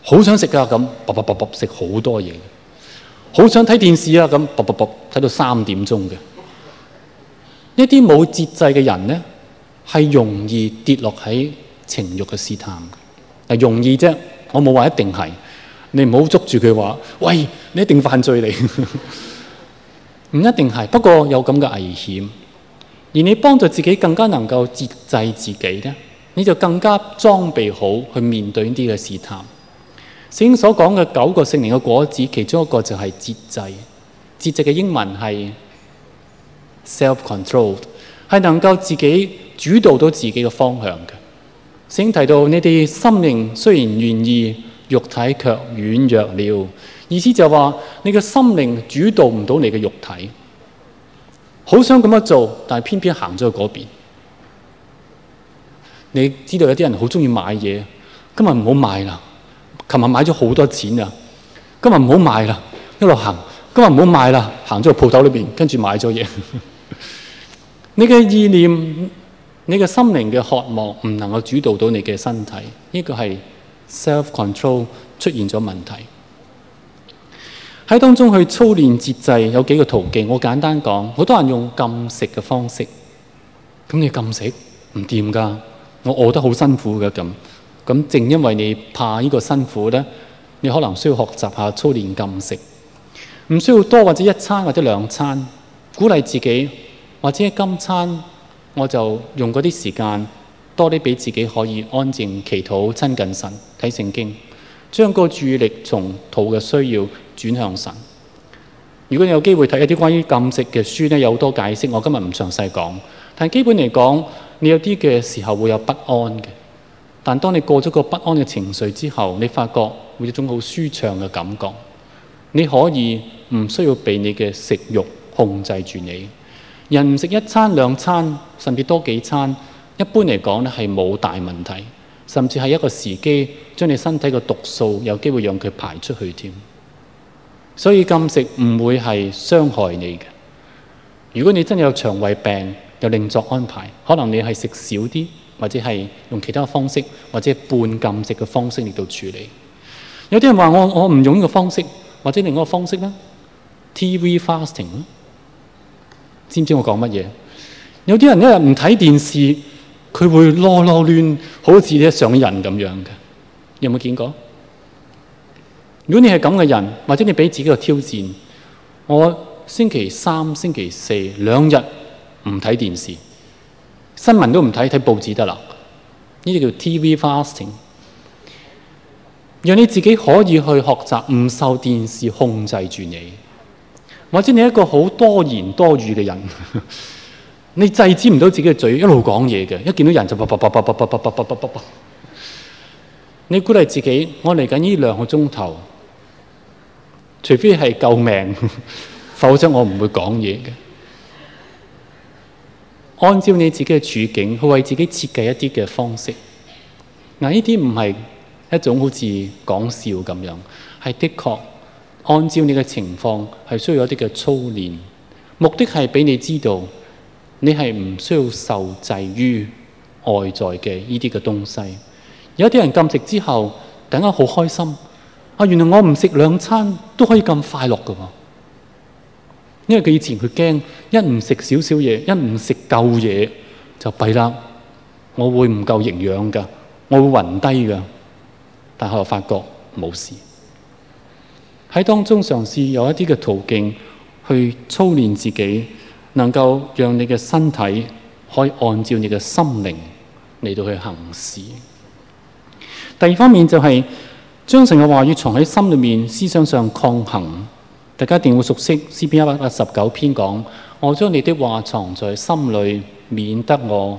Speaker 1: 好想食㗎咁，啵啵啵啵食好多嘢。好想睇電視啊！咁，卜卜卜睇到三點鐘嘅。一啲冇節制嘅人咧，係容易跌落喺情欲嘅試探嘅。係容易啫，我冇話一定係。你唔好捉住佢話，喂，你一定犯罪嚟。唔 一定係，不過有咁嘅危險。而你幫助自己更加能夠節制自己咧，你就更加裝備好去面對呢啲嘅試探。聖經所講嘅九個聖靈嘅果子，其中一個就係節制。節制嘅英文係 self-controlled，係能夠自己主導到自己嘅方向嘅。聖經提到你哋心靈雖然願意，肉體卻軟弱了。意思就係話你嘅心靈主導唔到你嘅肉體，好想咁樣做，但是偏偏行咗去嗰邊。你知道有啲人好鍾意買嘢，今日唔好買啦。琴日買咗好多錢啊！今日唔好買啦，一路行。今日唔好買啦，行咗個鋪頭裏面，跟住買咗嘢。你嘅意念、你嘅心靈嘅渴望，唔能夠主導到你嘅身體，呢個係 self control 出現咗問題。喺當中去操練節制有幾個途徑，我簡單講。好多人用禁食嘅方式，咁你禁食唔掂噶，我餓得好辛苦嘅咁。咁正因為你怕呢個辛苦咧，你可能需要學習下操練禁食，唔需要多，或者一餐或者兩餐，鼓勵自己，或者今餐我就用嗰啲時間多啲俾自己，可以安靜、祈禱、親近神、睇聖經，將個注意力從肚嘅需要轉向神。如果你有機會睇一啲關於禁食嘅書咧，有好多解釋，我今日唔詳細講。但係基本嚟講，你有啲嘅時候會有不安嘅。但當你過咗個不安嘅情緒之後，你發覺會有一種好舒暢嘅感覺。你可以唔需要被你嘅食慾控制住你。人唔食一餐兩餐，甚至多幾餐，一般嚟講呢係冇大問題，甚至係一個時機，將你身體嘅毒素有機會讓佢排出去添。所以禁食唔會係傷害你嘅。如果你真有腸胃病，又另作安排，可能你係食少啲。或者係用其他方式，或者半禁食嘅方式嚟到處理。有啲人話：我我唔用呢個方式，或者另外一個方式呢 TV fasting 知唔知道我講乜嘢？有啲人一日唔睇電視，佢會攞攞亂，好似咧上癮咁樣嘅。你有冇有見過？如果你係咁嘅人，或者你俾自己一個挑戰，我星期三、星期四兩日唔睇電視。新聞都唔睇，睇報紙得啦，呢啲叫 TV fasting，讓你自己可以去學習，唔受電視控制住你。或者你一個好多言多語嘅人，你制止唔到自己嘅嘴，一路講嘢嘅。一見到人就啵啵啵啵啵啵啵啵啵啵。你鼓勵自己，我嚟緊呢兩個鐘頭，除非係救命，否則我唔會講嘢嘅。按照你自己嘅處境，去為自己設計一啲嘅方式。嗱，依啲唔係一種好似講笑咁樣，係的確按照你嘅情況係需要一啲嘅操練。目的係俾你知道，你係唔需要受制於外在嘅呢啲嘅東西。有啲人禁食之後，突然間好開心啊！原來我唔食兩餐都可以咁快樂噶喎。因為佢以前佢驚一唔食少少嘢，一唔食夠嘢就弊啦，我會唔夠營養噶，我會暈低噶。但係後來發覺冇事，喺當中嘗試有一啲嘅途徑去操練自己，能夠讓你嘅身體可以按照你嘅心靈嚟到去行事。第二方面就係將神嘅話語藏喺心裏面，思想上抗衡。大家一定會熟悉《詩篇》一百八十九篇，講，我將你的話藏在心裏，免得我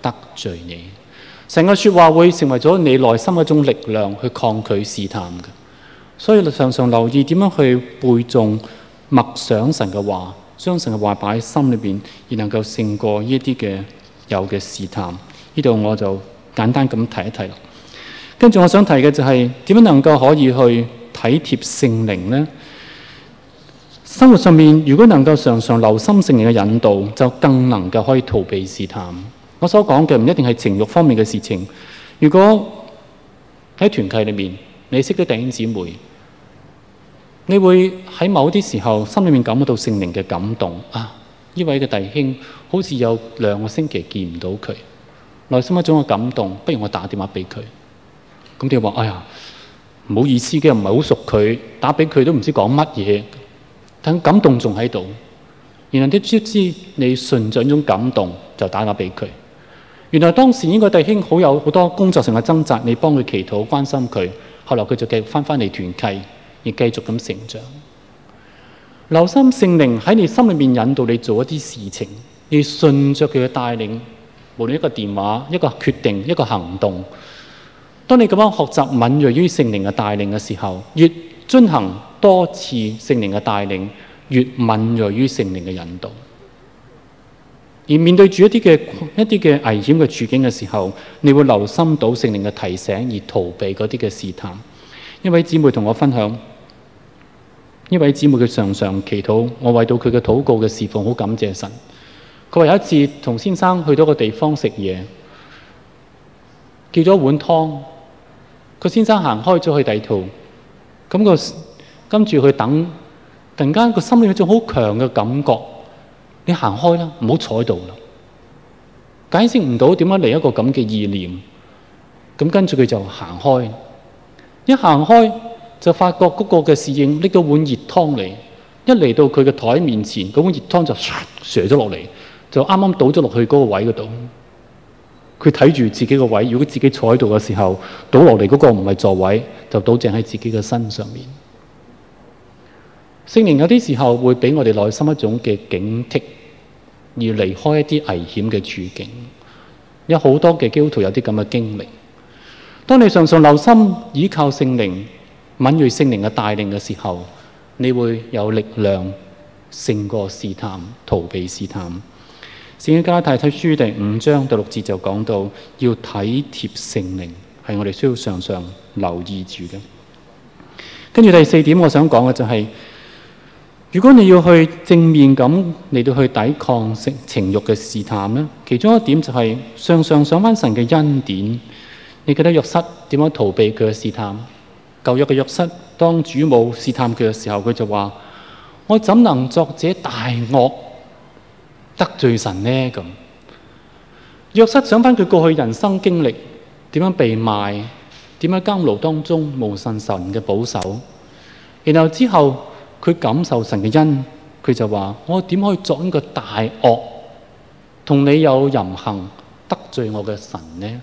Speaker 1: 得罪你。成個說話會成為咗你內心一種力量，去抗拒試探嘅。所以常常留意點樣去背誦默想神嘅話，將神嘅話擺喺心裏邊，而能夠勝過呢一啲嘅有嘅試探。呢度我就簡單咁提一提啦。跟住我想提嘅就係點樣能夠可以去體貼聖靈呢？生活上面，如果能夠常常留心聖靈嘅引導，就更能夠可以逃避試探。我所講嘅唔一定係情慾方面嘅事情。如果喺團契裏面，你識得弟兄姊妹，你會喺某啲時候心裏面感覺到聖靈嘅感動啊！呢位嘅弟兄好似有兩個星期見唔到佢，內心一種嘅感動，不如我打電話俾佢。咁你話：哎呀，唔好意思嘅，唔係好熟佢，打俾佢都唔知講乜嘢。等感動仲喺度，然後啲知知你順着呢種感動就打電話俾佢。原來當時呢個弟兄好有好多工作上嘅掙扎，你幫佢祈禱、關心佢。後來佢就繼續翻返嚟團契，亦繼續咁成長。留心聖靈喺你心裏面引導你做一啲事情，你順着佢嘅帶領，無論一個電話、一個決定、一個行動。當你咁樣學習敏鋭於聖靈嘅帶領嘅時候，越遵行多次聖靈嘅帶領，越敏鋭於聖靈嘅引導，而面對住一啲嘅危險嘅處境嘅時候，你會留心到聖靈嘅提醒而逃避嗰啲嘅試探。一位姐妹同我分享，一位姐妹常常祈禱，我為到佢嘅禱告嘅事奉好感謝神。佢話有一次同先生去到一個地方食嘢，叫咗碗湯，佢先生行開咗去地圖。咁跟住佢等，突然間個心裏有種好強嘅感覺，你行開啦，唔好坐喺度啦。解釋唔到點解嚟一個咁嘅意念，咁跟住佢就行開。一行開就發覺嗰個嘅侍應拎咗碗熱湯嚟，一嚟到佢嘅台面前，嗰碗熱湯就瀉咗落嚟，就啱啱倒咗落去嗰個位嗰度。佢睇住自己個位，如果自己坐喺度嘅時候倒落嚟嗰個唔係座位，就倒正喺自己嘅身上面。聖靈有啲時候會俾我哋內心一種嘅警惕，而離開一啲危險嘅處境。有好多嘅基督徒有啲咁嘅經歷。當你常常留心倚靠聖靈、敏銳聖靈嘅帶領嘅時候，你會有力量勝過試探，逃避試探。《聖經加拉太書》第五章第六節就講到要體貼聖靈，係我哋需要常常留意住嘅。跟住第四點，我想講嘅就係、是，如果你要去正面咁嚟到去抵抗性情欲嘅試探咧，其中一點就係常常想翻神嘅恩典。你覺得約瑟點樣逃避佢嘅試探？舊約嘅約瑟，當主母試探佢嘅時候，佢就話：我怎能作這大惡？得罪神呢？咁約瑟想翻佢過去人生經歷，點樣被賣，點樣監牢當中無信神嘅保守，然後之後佢感受神嘅恩，佢就話：我點可以作呢個大惡，同你有淫行得罪我嘅神呢？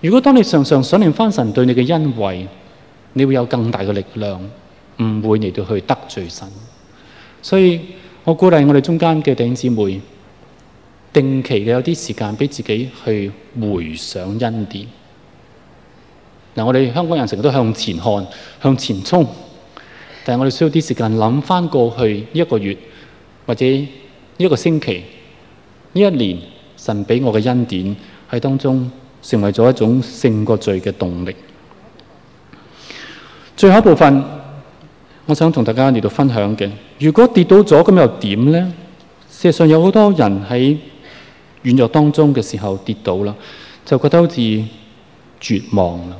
Speaker 1: 如果當你常常想念翻神對你嘅恩惠，你會有更大嘅力量，唔會嚟到去得罪神。所以。我鼓勵我哋中間嘅弟兄姊妹，定期嘅有啲時間俾自己去回想恩典。嗱，我哋香港人成日都向前看、向前衝，但係我哋需要啲時間諗翻過去一個月或者一個星期、呢一年，神俾我嘅恩典喺當中成為咗一種勝過罪嘅動力。最後一部分。我想同大家嚟到分享嘅，如果跌倒咗咁又點呢？事實上有好多人喺軟弱當中嘅時候跌倒啦，就覺得好似絕望啦。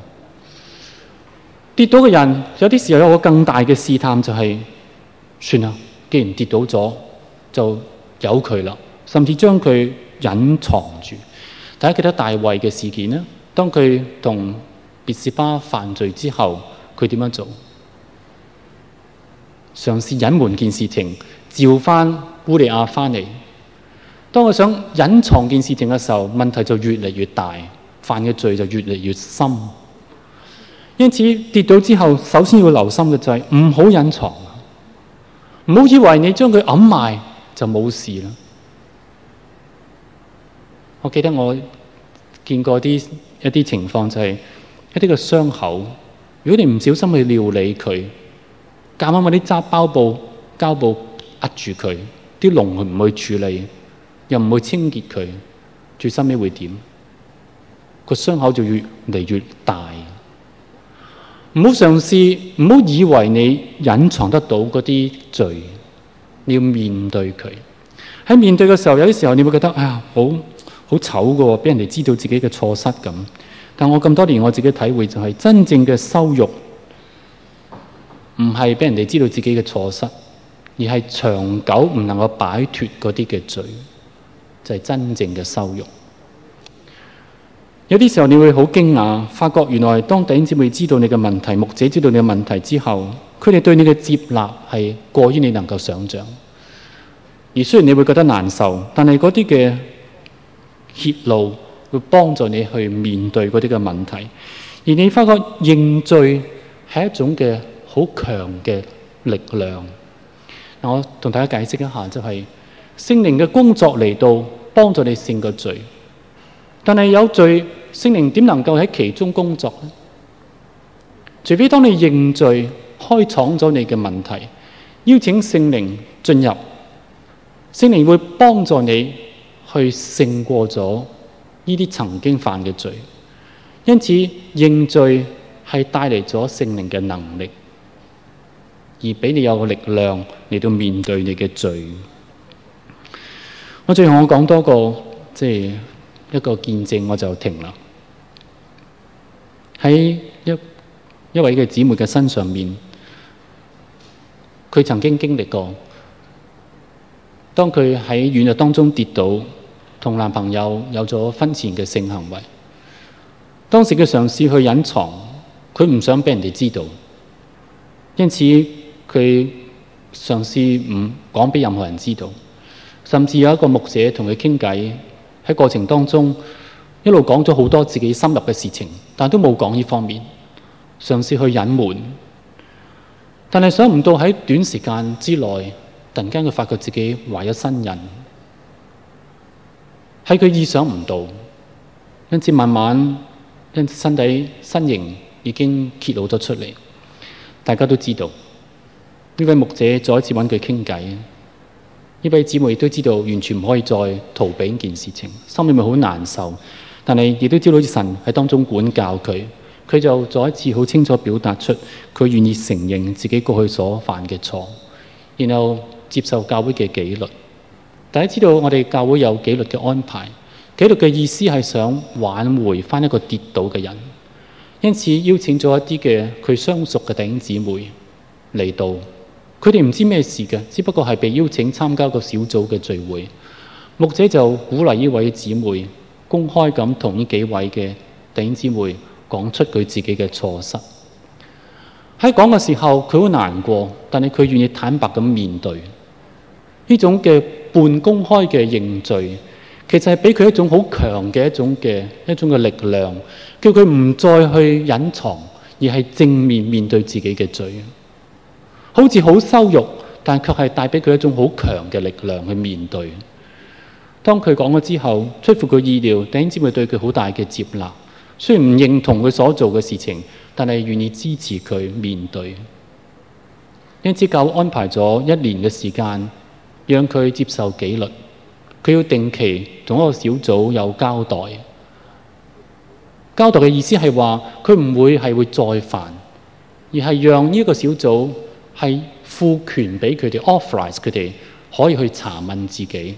Speaker 1: 跌倒嘅人有啲時候有個更大嘅試探，就係算啦，既然跌倒咗，就由佢啦，甚至將佢隱藏住。大家記得大衛嘅事件呢，當佢同拔示巴犯罪之後，佢點樣做？嘗試隱瞞件事情，召翻烏利亞翻嚟。當我想隱藏件事情嘅時候，問題就越嚟越大，犯嘅罪就越嚟越深。因此跌倒之後，首先要留心嘅就係唔好隱藏，唔好以為你將佢掩埋就冇事啦。我記得我見過啲一啲情況，就是，就係一啲嘅傷口，如果你唔小心去料理佢。夾硬搵啲紮包布膠布壓住佢，啲膿唔去處理，又唔去清潔佢，最收尾會點？個傷口就越嚟越大。唔好嘗試，唔好以為你隱藏得到嗰啲罪，你要面對佢。喺面對嘅時候，有啲時候你會覺得啊，好好醜噶，俾人哋知道自己嘅錯失咁。但我咁多年我自己體會就係真正嘅羞辱。唔係俾人哋知道自己嘅錯失，而係長久唔能夠擺脫嗰啲嘅罪，就係真正嘅羞辱。有啲時候你會好驚訝，發覺原來當弟兄姊妹知道你嘅問題，牧者知道你嘅問題之後，佢哋對你嘅接納係過於你能夠想像。而雖然你會覺得難受，但係嗰啲嘅揭露會幫助你去面對嗰啲嘅問題。而你發覺認罪係一種嘅好強嘅力量。嗱，我同大家解釋一下，就係聖靈嘅工作嚟到幫助你勝個罪，但係有罪，聖靈點能夠喺其中工作呢？除非當你認罪，開敞咗你嘅問題，邀請聖靈進入，聖靈會幫助你去勝過咗呢啲曾經犯嘅罪。因此，認罪係帶嚟咗聖靈嘅能力。而畀你有個力量嚟到面對你嘅罪。我最後我講多個，即係一個見證，我就停啦。喺一一位嘅姊妹嘅身上面，佢曾經經歷過，當佢喺軟弱當中跌倒，同男朋友有咗婚前嘅性行為。當時佢嘗試去隱藏，佢唔想俾人哋知道，因此。佢嘗試唔講俾任何人知道，甚至有一個牧者同佢傾偈，喺過程當中一路講咗好多自己深入嘅事情，但都冇講呢方面，嘗試去隱瞞。但係想唔到喺短時間之內，突然間佢發覺自己懷有身孕，係佢意想唔到，因此慢慢，因此身體身形已經揭露咗出嚟，大家都知道。呢位牧者再一次揾佢傾偈，呢位姊妹都知道完全唔可以再逃避呢件事情，心裏面好難受，但係亦都知道好似神喺當中管教佢，佢就再一次好清楚表達出佢願意承認自己過去所犯嘅錯，然後接受教會嘅紀律。大家知道我哋教會有紀律嘅安排，紀律嘅意思係想挽回翻一個跌倒嘅人，因此邀請咗一啲嘅佢相熟嘅弟兄姊妹嚟到。佢哋唔知咩事嘅，只不過係被邀請參加個小組嘅聚會。牧者就鼓勵呢位姊妹公開咁同呢幾位嘅弟兄姊妹講出佢自己嘅錯失。喺講嘅時候，佢好難過，但係佢願意坦白咁面對。呢種嘅半公開嘅認罪，其實係俾佢一種好強嘅一種嘅一種嘅力量，叫佢唔再去隱藏，而係正面面對自己嘅罪。好似好羞辱，但係卻係帶俾佢一種好強嘅力量去面對。當佢講咗之後，出乎佢意料，弟兄姊妹對佢好大嘅接納。雖然唔認同佢所做嘅事情，但係願意支持佢面對。因此教會安排咗一年嘅時間，讓佢接受紀律。佢要定期同一個小組有交代。交代嘅意思係話，佢唔會係會再犯，而係讓呢個小組。係賦權俾佢哋，offer 佢哋可以去查問自己，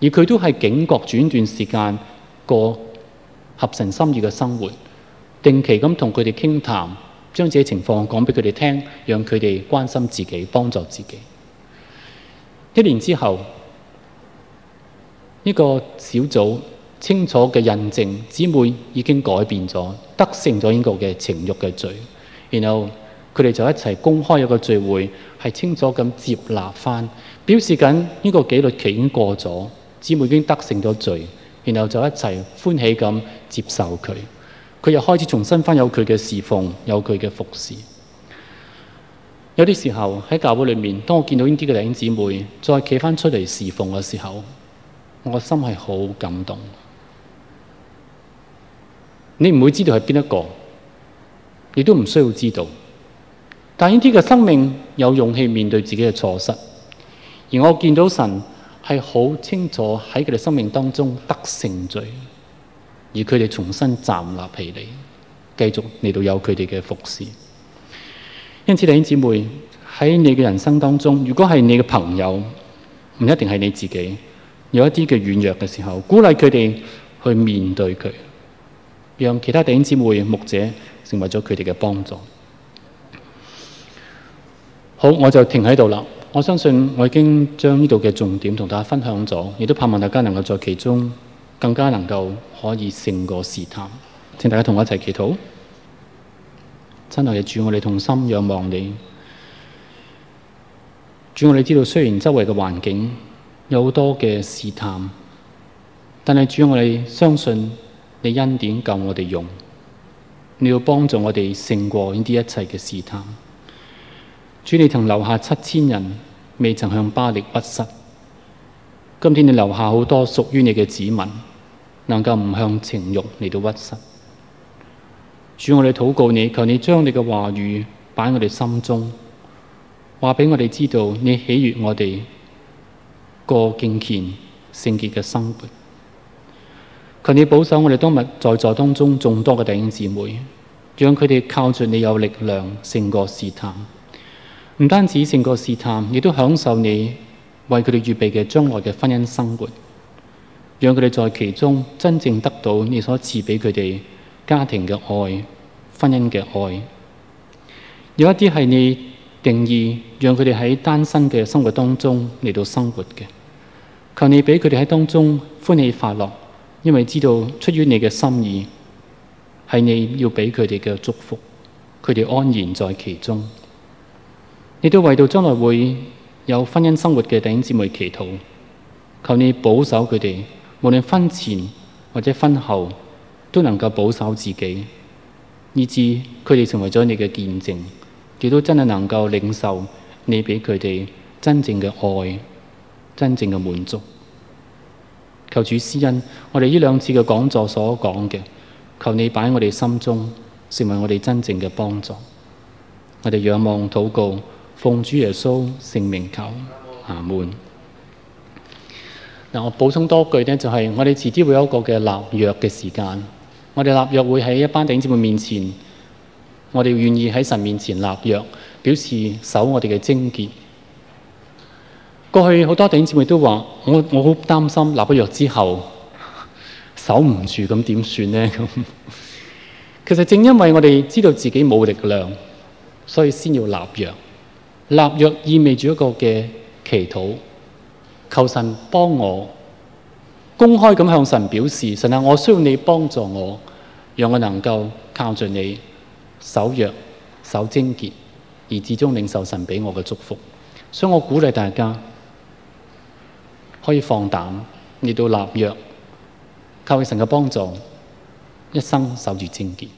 Speaker 1: 而佢都係警覺。轉一段時間過合成心意嘅生活，定期咁同佢哋傾談，將自己情況講俾佢哋聽，讓佢哋關心自己，幫助自己。一年之後，呢個小組清楚嘅印證，姊妹已經改變咗，得勝咗呢個嘅情慾嘅罪，然後。佢哋就一齊公開有個聚會，係清楚咁接納翻，表示緊呢個紀律期已經過咗，姊妹已經得勝咗罪，然後就一齊歡喜咁接受佢。佢又開始重新翻有佢嘅侍奉，有佢嘅服侍。有啲時候喺教會裏面，當我見到呢啲嘅弟兄姊妹再企翻出嚟侍奉嘅時候，我個心係好感動。你唔會知道係邊一個，亦都唔需要知道。但呢啲嘅生命有勇氣面對自己嘅錯失，而我見到神係好清楚喺佢哋生命當中得勝罪，而佢哋重新站立起嚟，繼續嚟到有佢哋嘅服侍。因此弟兄姊妹，喺你嘅人生當中，如果係你嘅朋友，唔一定係你自己，有一啲嘅軟弱嘅時候，鼓勵佢哋去面對佢，讓其他弟兄姊妹、牧者成為咗佢哋嘅幫助。好，我就停喺度啦。我相信我已經將呢度嘅重點同大家分享咗，亦都盼望大家能夠在其中更加能夠可以勝過試探。請大家同我一齊祈禱。真係嘅，主，我哋同心仰望你。主，我哋知道，雖然周圍嘅環境有好多嘅試探，但係主，我哋相信你恩典夠我哋用。你要幫助我哋勝過呢啲一切嘅試探。主，你曾留下七千人未曾向巴力屈膝。今天你留下好多屬於你嘅子民，能夠唔向情欲嚟到屈膝。主，我哋禱告你，求你將你嘅話語擺我哋心中，話畀我哋知道你喜悅我哋過敬虔聖潔嘅生活。求你保守我哋當日在座當中眾多嘅弟兄姊妹，讓佢哋靠住你有力量勝過試探。唔單止勝過試探，亦都享受你為佢哋預備嘅將來嘅婚姻生活，讓佢哋在其中真正得到你所賜俾佢哋家庭嘅愛、婚姻嘅愛。有一啲係你定義，讓佢哋喺單身嘅生活當中嚟到生活嘅。求你俾佢哋喺當中歡喜快樂，因為知道出於你嘅心意，係你要俾佢哋嘅祝福，佢哋安然在其中。亦都為到將來會有婚姻生活嘅弟兄姊妹祈禱，求你保守佢哋，無論婚前或者婚後都能夠保守自己，以至佢哋成為咗你嘅見證。亦都真係能夠領受你俾佢哋真正嘅愛，真正嘅滿足。求主施恩，我哋呢兩次嘅講座所講嘅，求你擺喺我哋心中，成為我哋真正嘅幫助。我哋仰望禱告。奉主耶穌聖名求，阿門。我補充多句，就係我哋遲啲會有一個嘅立約嘅時間，我哋立約會喺一班弟兄姊妹面前，我哋願意喺神面前立約，表示守我哋嘅貞潔。過去好多弟兄姊妹都話，我我好擔心立約之後守唔住，咁點算呢？其實正因為我哋知道自己冇力量，所以先要立約。立約意味住一個嘅祈禱，求神幫我公開咁向神表示，神啊，我需要你幫助我，讓我能夠靠着你守約、守貞潔，而至終領受神畀我嘅祝福。所以我鼓勵大家可以放膽嚟到立約靠你神嘅幫助，一生守住貞潔。